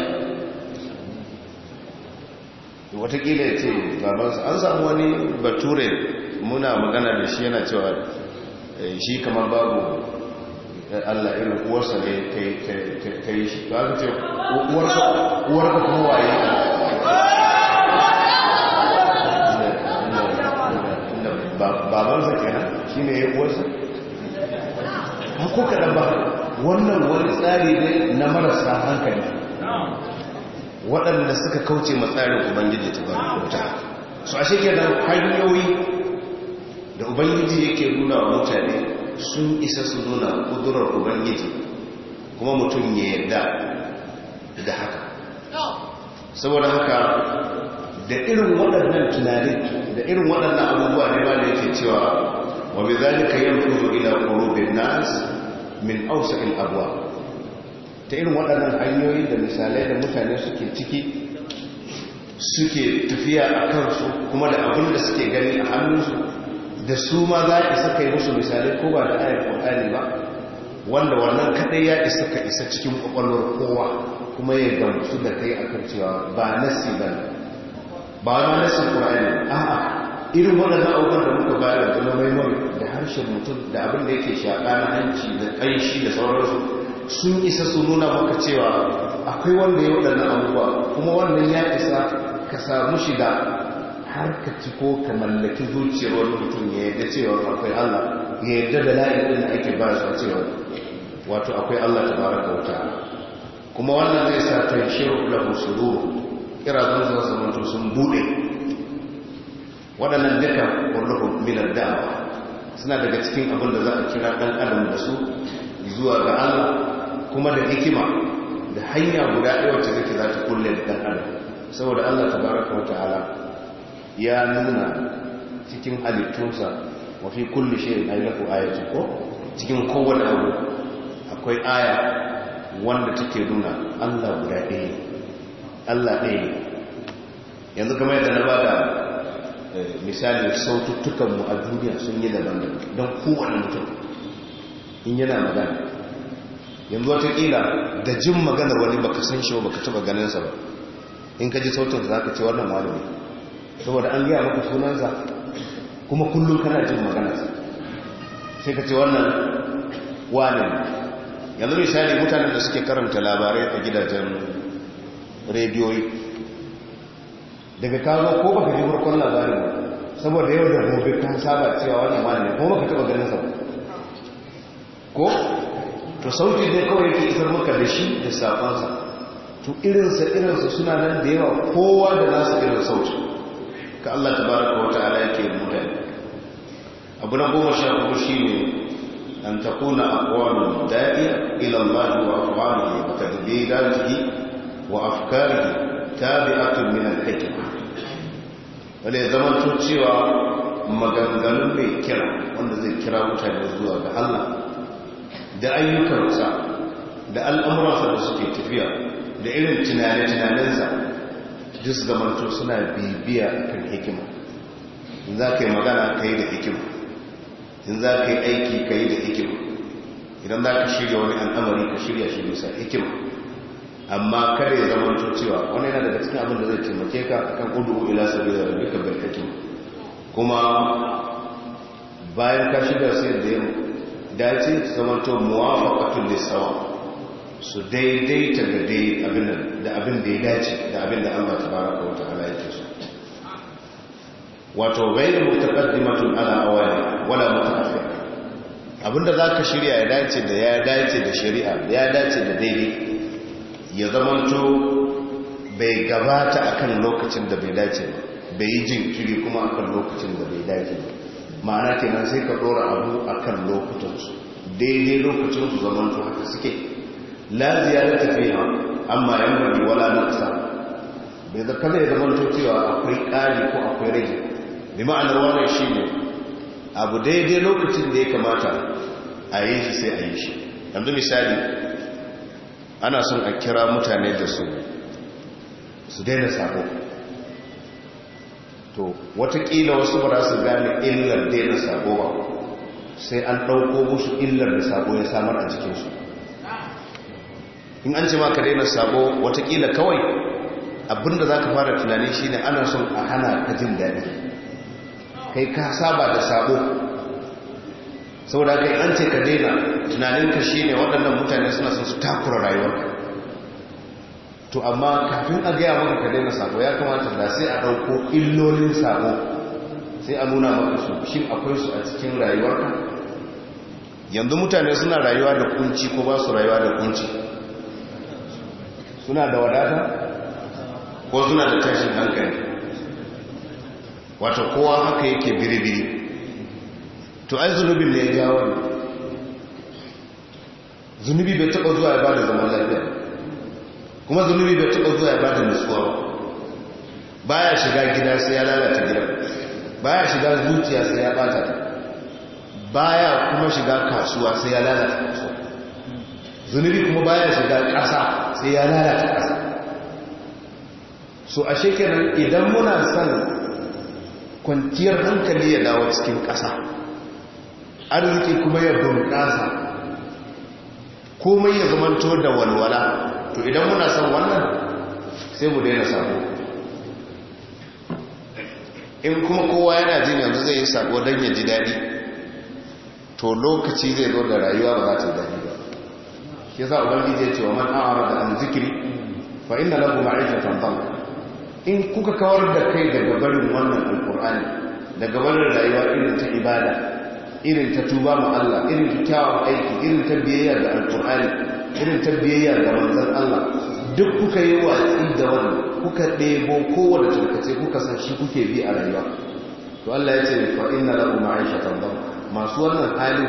watakila ya ce babansa an samu wani bature muna magana da shi yana cewa eh, shi kamar babu Allah irin uwarsa ne ta yi shi ba ce uwar da kuma waye babansa kenan shi ne ya uwarsa ba ko kaɗan ba wannan wani tsari ne na marasa hankali waɗanda suka kauce matsarin ubangiji ta bari wuta su a da hanyoyi da ubangiji yake nuna wa mutane sun isa su nuna kudurar ubangiji kuma mutum ya yarda da haka saboda haka da irin waɗannan tunanin da irin waɗannan abubuwa ne ba da yake cewa wa bi zalika yanfudu ila qulubin nas min awsa'il abwa ta irin waɗannan hanyoyi da misalai da mutane suke ciki suke tafiya a kansu kuma da abinda suke gani a hannunsu da su ma za a isa kai musu misalai ko ba da ayar ƙwarƙani ba wanda wannan kadai ya isa ka isa cikin ƙwaƙwalwar kowa kuma ya gamsu da kai a kan cewa ba nasi ba ba na nasi a a'a irin waɗanda abubuwan da muka bayar da na maimai da harshen mutum da abin da yake shaƙa na hanci da ƙanshi da sauransu sun isa su nuna maka cewa akwai wanda ya waɗannan abubuwa kuma wannan ya isa ka samu shiga har ka ko ka mallaki zuciyar wani mutum ya yadda cewa akwai Allah ya yadda da la'in da ake ba su cewa wato akwai Allah ta baraka kauta kuma wannan zai sa ta shiru lahu sururu kira zan zuwa zaman sun bude waɗannan duka kulluhum milar ad-da'wa suna daga cikin abin da za a kira ɗan adam da su zuwa ga Allah kuma da hikima da hanya guda ɗaya wacce zake za ta kulle da ɗan adam saboda Allah ta tabaraka wa ta'ala ya nuna cikin halittunsa wafi kulli shirin ailafu ayatun ko cikin kowane abu akwai aya wanda take nuna allah guda ɗaya allah ɗaya yanzu kamar yadda na ba da eh, misali saututtukanmu a duniya sun yi daban don kowane mutum in yana magana yanzu ƙila da jin magana wani baka san shi ba baka taba ganinsa ba in ka ji sautin za ka ce wannan malami saboda an gaya maka sunansa kuma kullum kana jin maganarsa sai ka ce wannan wane yanzu misali mutanen da suke karanta labarai a gidajen rediyoyi daga kawo ko baka ji farkon labarin saboda yau da gobe kan saba cewa wannan wane ne ko baka taba ganin sa ko to sauti dai kawai yake isar maka da shi da safansa to irinsa irinsa suna nan da yawa kowa da nasu irin sauti ka Allah tabaraka wa ta'ala yake mutane abu na goma sha hudu shine an takuna aqwalu da'iya ila Allah wa af'alihi wa tadbiratihi wa afkarihi tabi'atun min al-hikma wale zaman cewa maganganun mai kira wanda zai kira mutane zuwa ga Allah da ayyukansa da al'amuransa da suke tafiya da irin tunane-tunanensa duk zamanto suna bibiya kan hikima in za ka yi magana ka yi da hikima in za ka yi aiki ka yi da hikima idan za ka shirya wani al'amari ka shirya shi nisa hikima amma kada ya zamanto cewa wani yana daga cikin abin da zai taimake ka kan kudu ila sabi da rabbika bil hikima kuma bayan ka shirya sai da dace zamanto muwafaqatul sawa su daidaita da dai abin da abin da ya dace da abin da Allah tabaraka wa ta'ala yake so wato bai ghayr mutaqaddimatun ala awali wala mutaakhir abinda zaka shirya ya dace da ya dace da shari'a ya dace da daidai ya to bai gabata akan lokacin da bai dace ba bai yi jinkiri kuma akan lokacin da bai dace ba ma'ana kenan sai ka dora abu akan lokutansu daidai lokutansu to haka suke la ziyarata fiha amma yanbaghi wala naqsa bai da kaza zama to cewa akwai kari ko akwai rage bi ma'anar wannan shine abu daidai lokacin da ya kamata a yi shi sai a yi shi yanzu misali ana son a kira mutane da su su daina sako to watakila wasu ba za su gane illar daina sako ba sai an ɗauko musu illar da sabo ya samar a jikinsu in an ce ma ka daina sabo watakila kawai abinda za ka fara tunani shi ne ana son a hana ka jin daɗi kai ka saba da sabo saboda kai an ce ka daina tunaninka shi ne waɗannan mutane suna son su takura rayuwa. to amma kafin a gaya maka ka daina sabo ya kamata da sai a ɗauko illolin sabo sai a nuna maka su shi akwai su a cikin rayuwarka yanzu mutane suna rayuwa da kunci ko ba su rayuwa da kunci suna da wadata ko suna da tashin hankali wata kowa haka yake biribiri to ai zunubin da ya jawo ne zunubi bai taɓa zuwa ya ba da zaman lafiya kuma zunubi bai taɓa zuwa ya ba da nutsuwa ba ya shiga gida sai ya lalata gida ba ya shiga zuciya sai ya ɓata ba ya kuma shiga kasuwa sai ya lalata kasuwa zunubi kuma baya shiga ƙasa sai ya lalata ƙasa so a shekarar idan muna son kwanciyar hankali ya dawo cikin ƙasa arziki kuma ya bunƙasa komai ya zamanto da walwala to idan muna son wannan sai mu daina sabo in kuma kowa yana jin yanzu zai yi sabo don ya ji daɗi to lokaci zai zo da rayuwa ba za ta daɗi ba shi a ubangiji zai ce wa man da an zikiri. fa inna lahu ma'ishatan dhanka in kuka kawar da kai daga barin wannan alkur'ani daga barin rayuwa irin ta ibada irin ta tuba ma Allah irin ta kyakkyawan aiki irin ta biyayya ga alkur'ani irin ta biyayya ga manzon Allah duk kuka yi watsi da wannan kuka ɗebo kowane tarkace kuka san shi kuke bi a rayuwa to Allah ya ce fa inna lahu ma'ishatan dhanka masu wannan hali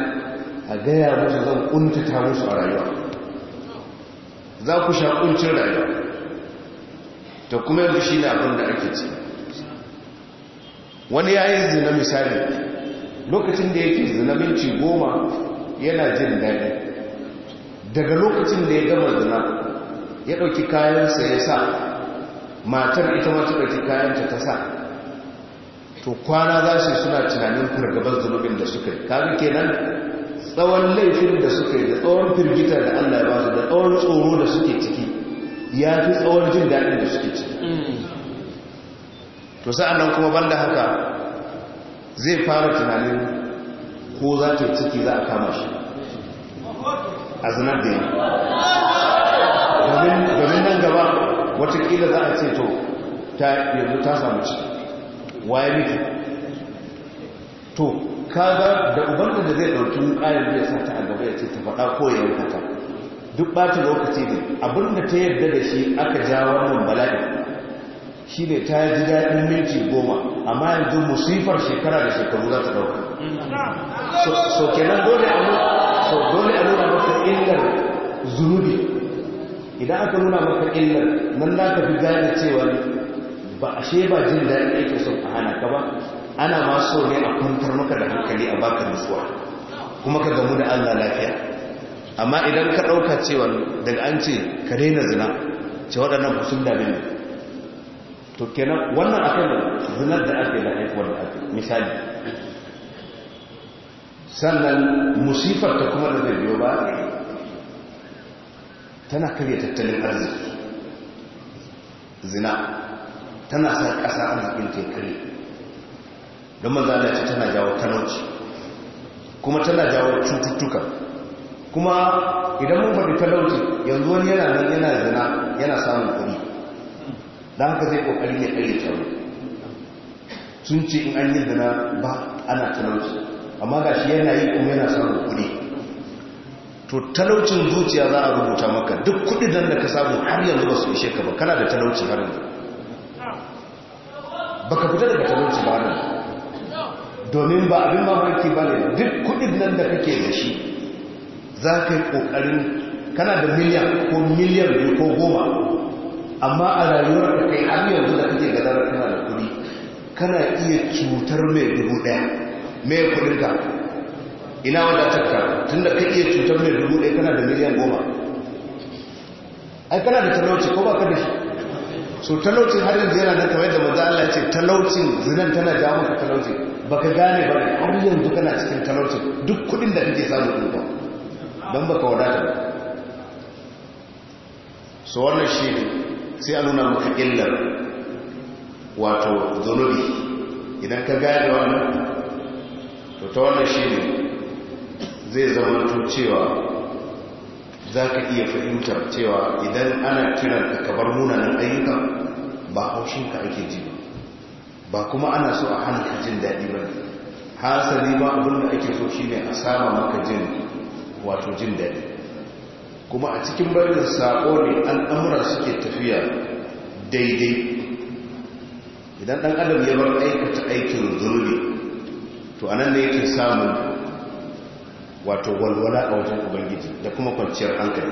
a gaya musu zan kuntata musu a rayuwa za ku sha kuncin rayuwa ta kuma yanzu shi ne abin da ake ci wani ya yi zina misali lokacin da yake zina minci goma yana jin daɗi daga lokacin da ya gama zina ya ɗauki kayansa ya sa matar ita mata ɗauki kayanta ta sa to kwana za su suna tunanin fargabar zunubin da suka yi kenan tsawon laifin da suka yi da tsawon firgita da Allah ba su da tsawon tsoro da suke ciki ya fi tsawon jin daɗin da suke ciki to sa'an nan kuma banda haka zai fara tunanin ko za ta ciki za a kama shi a zinar da yi domin nan gaba watakila za a ce to yanzu ta samu ciki waye miki to kaga da ubangiji da zai dauki ƙarin ya sa ta a gaba ya ce ta faɗa ko ya yanka duk duk ɓata lokaci ne abinda ta yarda da shi aka ja wannan bala'i shi ne ta ji daɗin minti goma amma yanzu musifar shekara da shekaru za ta ɗauka so kenan dole a nuna maka illar zunubi idan aka nuna maka illar nan za ka fi gane cewa ba a ba jin daɗin yake son a hana ka ba ana ma so ne a kwantar maka da hankali a baka nutsuwa kuma ka gamu da Allah lafiya amma idan ka ɗauka cewa daga an ce ka daina zina ce waɗannan kusur da bin to kenan wannan akan zinar da ake da haifuwar da ake misali sannan musifar ta kuma da zai biyo ba tana karya tattalin arziki zina tana sa ƙasa arzikin tekari don manzan Allah ce tana jawo talauci kuma tana jawo cututtuka kuma idan mun faɗi talauci yanzu wani yana nan yana zina yana samun kuɗi da haka zai kokari ya kare tsaro sun ce in an yi zina ba ana talauci amma ga shi yana yi kuma yana samun kuɗi to talaucin zuciya za a rubuta maka duk kuɗi don da ka samu har yanzu ba su ishe ka ba kana da talauci har yanzu ba ka fita daga talauci ba nan domin ba abin mamaki ba ne duk kudin nan da kake da shi za ka yi kokarin kana da miliyan ko miliyan biyu ko goma amma a rayuwar da kai har yanzu da kake gadar kana da kudi kana iya cutar mai dubu ɗaya mai kudin ka ina wanda ka tun da kake iya cutar mai dubu ɗaya kana da miliyan goma ai kana da talauci ko ba ka da shi so talaucin har yanzu yana da kamar da maza Allah ce talaucin zinan tana jawo maka talauci baka gane ba har yanzu kana cikin talauci duk kudin da kake samu ɗin ba ba baka wadata ba su wannan shi sai a nuna maka illar wato zunubi idan ka gane wannan to ta wannan shi ne zai zama cewa za ka iya fahimtar cewa idan ana kiran ka kabar munanan ayyuka ba haushinka ake ji ba kuma ana so a hana ka jin daɗi ba ne. hasali ba abin da ake so ne a sama maka jin wato jin daɗi kuma a cikin barin saƙo ne amura suke tafiya daidai idan ɗan adam ya bar aikata aikin zunubi to a nan ne yake samun wato walwala a wajen ubangiji da kuma kwanciyar hankali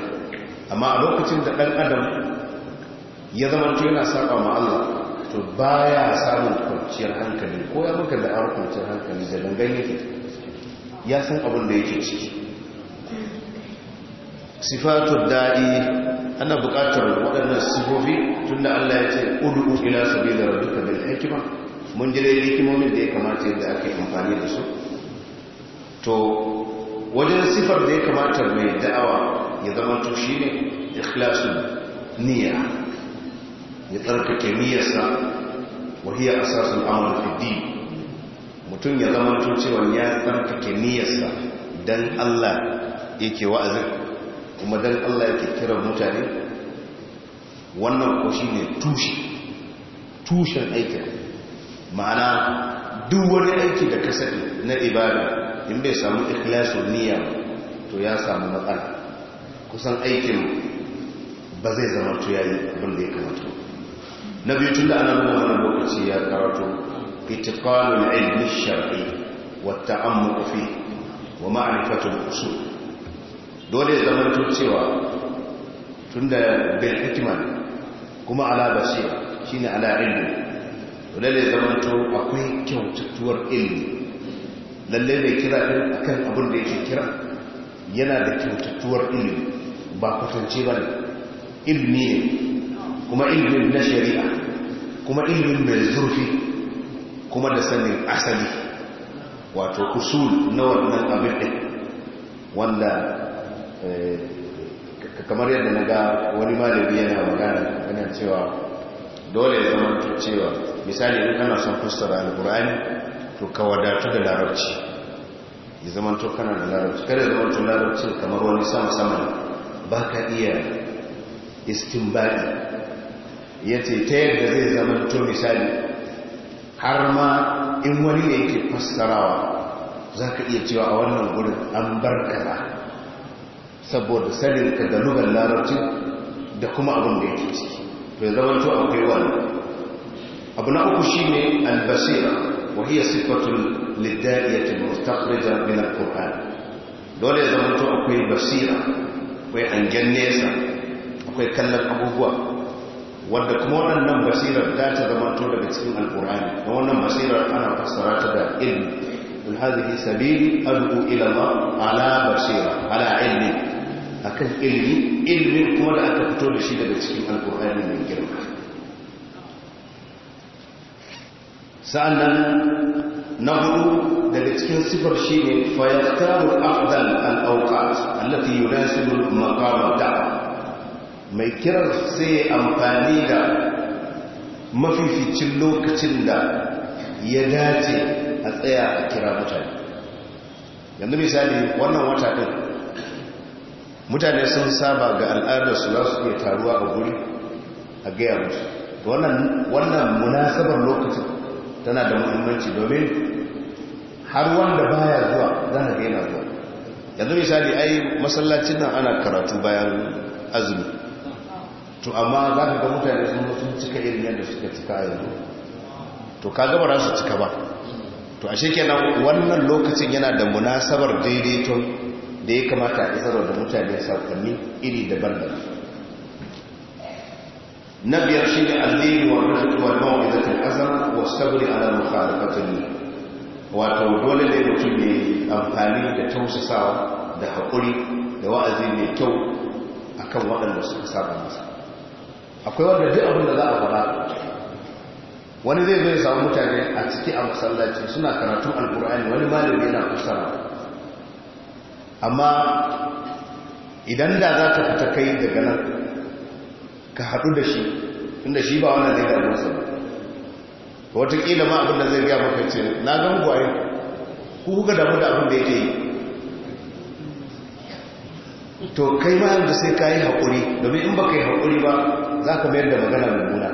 amma a lokacin da ɗan adam ya zama yana saba ma'allah to baya samun kwanciyar hankali ko ya maka da an kwanciyar hankali da dangan yake ya san abin da yake ciki sifatun daɗi ana buƙatar waɗannan sifofi tun da allah ya ce udu ila sabi da rabuka da hikima mun jire hikimomin da ya kamata yadda aka yi amfani da su to wajen sifar da ya kamata mai da'awa ya zama to shi ne ikhlasun niyya ya tsarkake kemiyarsa wa hiya asasul amur fiddi mutum ya zama tun cewa ya tsarka niyyarsa don Allah yake wa'azi kuma don Allah yake kira mutane wannan ko ne tushe tushen aikin ma'ana duk wani aiki da ka na ibada in bai samu ikhlasul niyya to ya samu matsala kusan aikin ba zai zama tuyayi abinda ya kamata na biyu tun da ana nuna wannan lokaci ya karatu itiqalul ilmi shar'i wa ta'ammuq fi wa ma'rifatul usul dole ya zama tun cewa da bil hikma kuma ala basira shine ala ilmi dole ya zama to akwai kyautattuwar ilmi lalle mai kira din akan abin da yake kira yana da kyautatuwar ilmi ba kwatance ba ilmi ne kuma ilimin na shari'a kuma ilimin mai zurfi kuma da sanin asali wato kusur na wannan abin ɗin wanda eh, kamar yadda na ga wani malami yana magana yana cewa dole ya zama cewa misali ɗin kana son fassara alburani to ka wadatu da larabci ya zama to kana da larabci kada zama to larabci kamar wani sama sama ba ka iya baɗi ya ce ta yadda zai zama to misali har ma in wani ne yake fassarawa za ka iya cewa a wannan gudun an bar kaza saboda salin ka da lugar larabci da kuma abin da yake ciki to ya zama to akwai wani abu na uku shi ne albasira wahiyar sifatun liddariyatin mustakrijar min al dole ya zama to akwai basira akwai hangen nesa akwai kallon abubuwa wadda kuma waɗannan basirar ta ta zamanto daga cikin alkur'ani da wannan basirar ana fassara ta da ilmi in hadhihi sabili ad'u ila ala basira ala ilmi akan ilmi ilmi kuma da aka fito da shi daga cikin alkur'ani mai girma sa'annan na hudu daga cikin sifar shi ne fa yaktaru afdal al-awqat allati yunasibu maqam mai kiran sai amfani da mafificin lokacin da ya dace a tsaya a kira mutane yanzu misali wannan wata ɗin mutane sun saba ga al'adarsu za su iya taruwa a guri a gaya musu wannan munasabar lokacin tana da muhimmanci domin har wanda baya zuwa za a gaina zuwa yanzu misali ai masallacin nan ana karatu bayan azumi to amma za ka ga mutane sun sun cika irin yadda suka cika yanzu to ka gaba su cika ba to ashe kenan wannan lokacin yana da munasabar daidaito da ya kamata a isarwa da mutane saukami iri daban-daban na biyar shi ne addini wa rufi wa mawa'izatin azam wa sabri ala mukhalafatin wato dole ne mutum ne amfani da tausasawa da haƙuri da wa'azi mai kyau akan waɗanda suka saba masa akwai wanda duk abin da za a fara wani zai zai samu mutane a ciki a masallaci suna karatun alkur'ani wani malami yana kusara amma idan da za ta fita kai daga nan ka haɗu da shi inda shi ba wannan zai damu sa ba ma abin da zai biya makarci na gan ayi ku kuka damu da abin da yake yi to kai ma da sai ka yi haƙuri domin in baka yi haƙuri ba za ka mayar da magana mummuna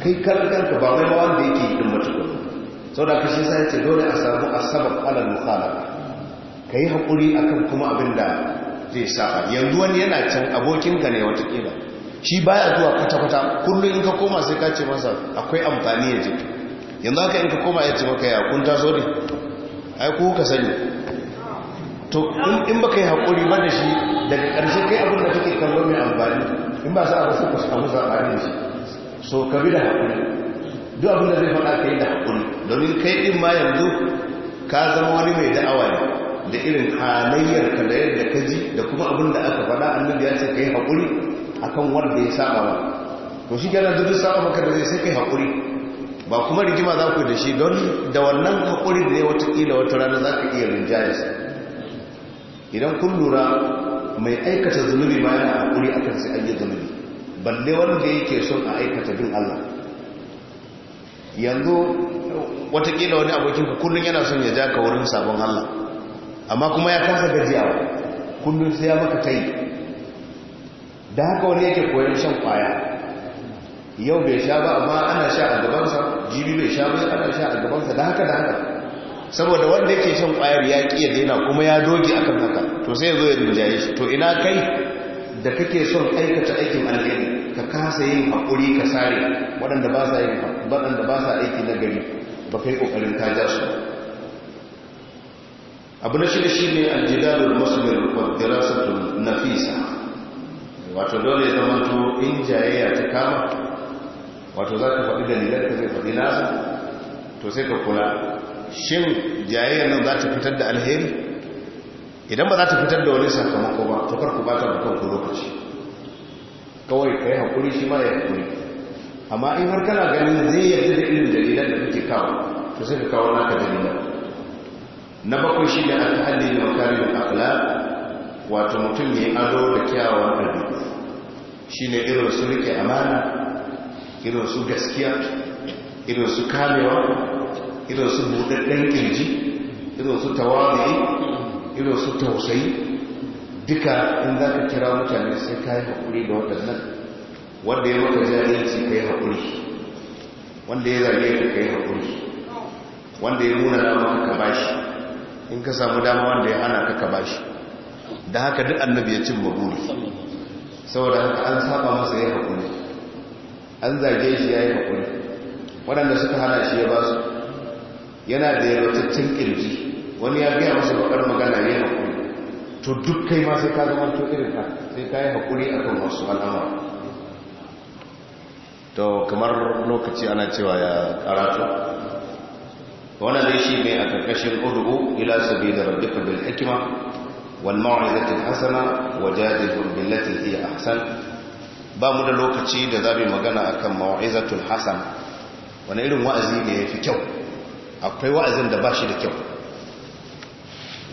kai karkar ka ba mai ba wanda yake yi ɗin matuƙa sau da shi sai ce dole a samu asabar alal mukhalafa ka yi haƙuri akan kuma abin da zai saba yanzu wani yana can ka ne watakila shi baya zuwa kwata-kwata kullum in ka koma sai ka ce masa akwai amfani ya jiki yanzu haka in ka koma ya ce maka ya kun taso ne ai ku ka sani to in baka yi haƙuri ba da shi daga ƙarshe kai abin da kake kallo mai amfani in ba sa abin su ku samu zaɓari da shi so ka bi da haƙuri duk abin da zai faɗa ka yi da haƙuri domin kai ɗin ma yanzu ka zama wani mai da'awa ne da irin halayyar ka da yadda ka ji da kuma abin da aka faɗa annabi ya ce ka yi haƙuri akan wanda ya saba ba to shi kenan duk saba maka da zai sai kai haƙuri ba kuma rigima za ku da shi don da wannan haƙuri da ya ƙila wata rana za ka iya rinjayarsa idan kun lura mai aikata zunubi ba yana hakuri akan sai an yi zunubi balle wanda yake son a aikata bin Allah yanzu watakila wani abokin ku kullum yana son ya ja ka wurin sabon Allah amma kuma ya kasa gajiyawa kullum sai ya maka yi. da haka wani yake koyon shan kwaya yau bai sha ba amma ana sha a gabansa jibi bai sha ba ana sha a gabansa da haka da haka saboda wanda yake shan kwayar ya ki ya daina kuma ya doge akan haka to sai ya zo ya rinjaye shi to ina kai da kake son aikata aikin alheri ka kasa yin hakuri ka sare waɗanda ba sa yin waɗanda ba sa aiki na gari ba kai kokarin ka ja su abu na shida shine aljidalul musbil wa na nafisa wato dole zama to in jayayya ta kama wato za ka faɗi dalilan ka zai faɗi nasa to sai ka kula shin jayayyar nan za ta fitar da alheri idan ba za ta fitar da wani sakamako ba ta farko ba ta ku lokaci kawai ka yi haƙuri shi ma ya haƙuri amma in har kana ganin zai yarda da irin dalilan da kuke kawo ta sai ka kawo naka dalila na bakwai shi da aka da makari da wato mutum ya yi ado da kyawawan ɗabi'u shi ne irin su amana irin su gaskiya irin kamewa ido su buɗaɗɗen ƙirji ido su tawali ido su tausayi duka in za ka kira mutane sai ka yi haƙuri da waɗannan wanda ya maka jahilci ka yi haƙuri wanda ya zage ka ka yi haƙuri wanda ya nuna dama ka shi. in ka samu dama wanda ya hana ka ka shi. da haka duk annabi ya cin maguri saboda haka an saba masa ya haƙuri an zage shi ya yi haƙuri waɗanda suka hana shi ya ba su yana da yarwataccen kirji wani ya gaya masa bakar magana ya haƙuri to duk kai ma sai ka zama to irin ka sai ka yi haƙuri a kan wasu al'amura to kamar lokaci ana cewa ya karatu wannan dai shi ne a ƙarƙashin udu'u ila sabila rabbika bil hikma wal mau'izati hasana wajadilhum billati hi ahsan ba mu da lokaci da zabi magana akan ma'izatul hasana wani irin wa'azi ne yafi kyau akwai wa'azin da ba shi da kyau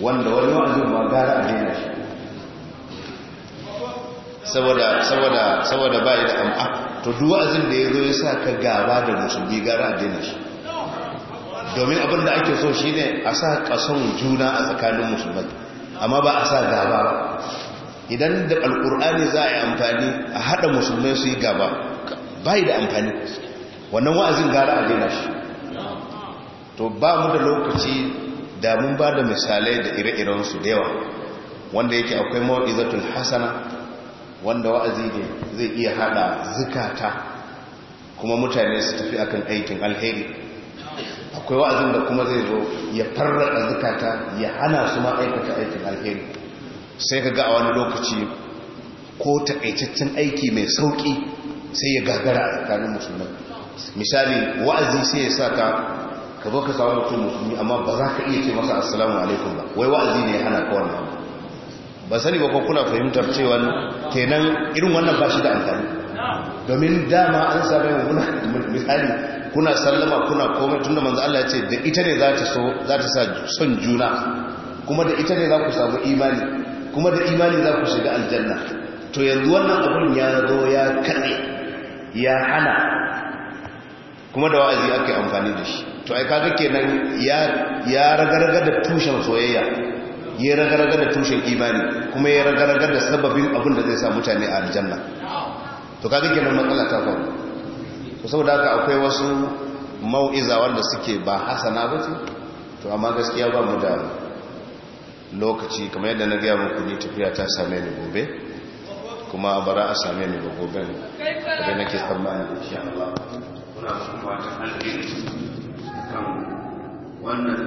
wanda wani wa'azin ba gara a daina shi saboda saboda saboda ba ya da amma to duk wa'azin da ya zo ya sa ka gaba da musulmi gara a daina shi domin abin da ake so shi ne a sa kason juna a tsakanin musulmai amma ba a sa gaba idan da alkur'ani za a yi amfani a haɗa musulmai su yi gaba ba yi da amfani wannan wa'azin gara a daina shi to ba mu da lokaci da mun ba da misalai da ire-irensu da yawa wanda yake akwai mawa'izatul hasana wanda wa'azi ne zai iya hada zukata kuma mutane su tafi akan aikin alheri akwai wa'azin da kuma zai zo ya farraɗa zukata ya hana su ma aikata aikin alheri sai ka ga a wani lokaci ko taƙaitaccen aiki mai sauƙi sai ya gagara a tsakanin musulmai misali wa'azi sai ya sa ka ka zo ka samu mutum musulmi amma ba za ka iya ce masa assalamu alaikum ba wai wa'azi ne ana kowanne. ba sani ba ko kuna fahimtar cewa kenan irin wannan ba shi da amfani domin dama an sami yin muna misali kuna sallama kuna komai tunda manzo Allah ya ce da ita ne za ta so za ta sa son juna kuma da ita ne za ku samu imani kuma da imani za ku shiga aljanna to yanzu wannan abun ya zo ya kade ya hana kuma da wa'azi ake amfani da shi to ai kaga kenan ya ya ragaraga da tushen soyayya ya ragaraga da tushen imani kuma ya ragaraga da sababin abin da zai sa mutane a aljanna to kaga kenan matsala ta faru to saboda haka akwai wasu mau'iza wanda suke ba hasana ba ce to amma gaskiya ba mu da lokaci kamar yadda na gaya muku ni tafiya ta same ni gobe kuma bara a same ni
gobe kai nake tsammani insha Allah kuna kuma ta hanyar 圆满。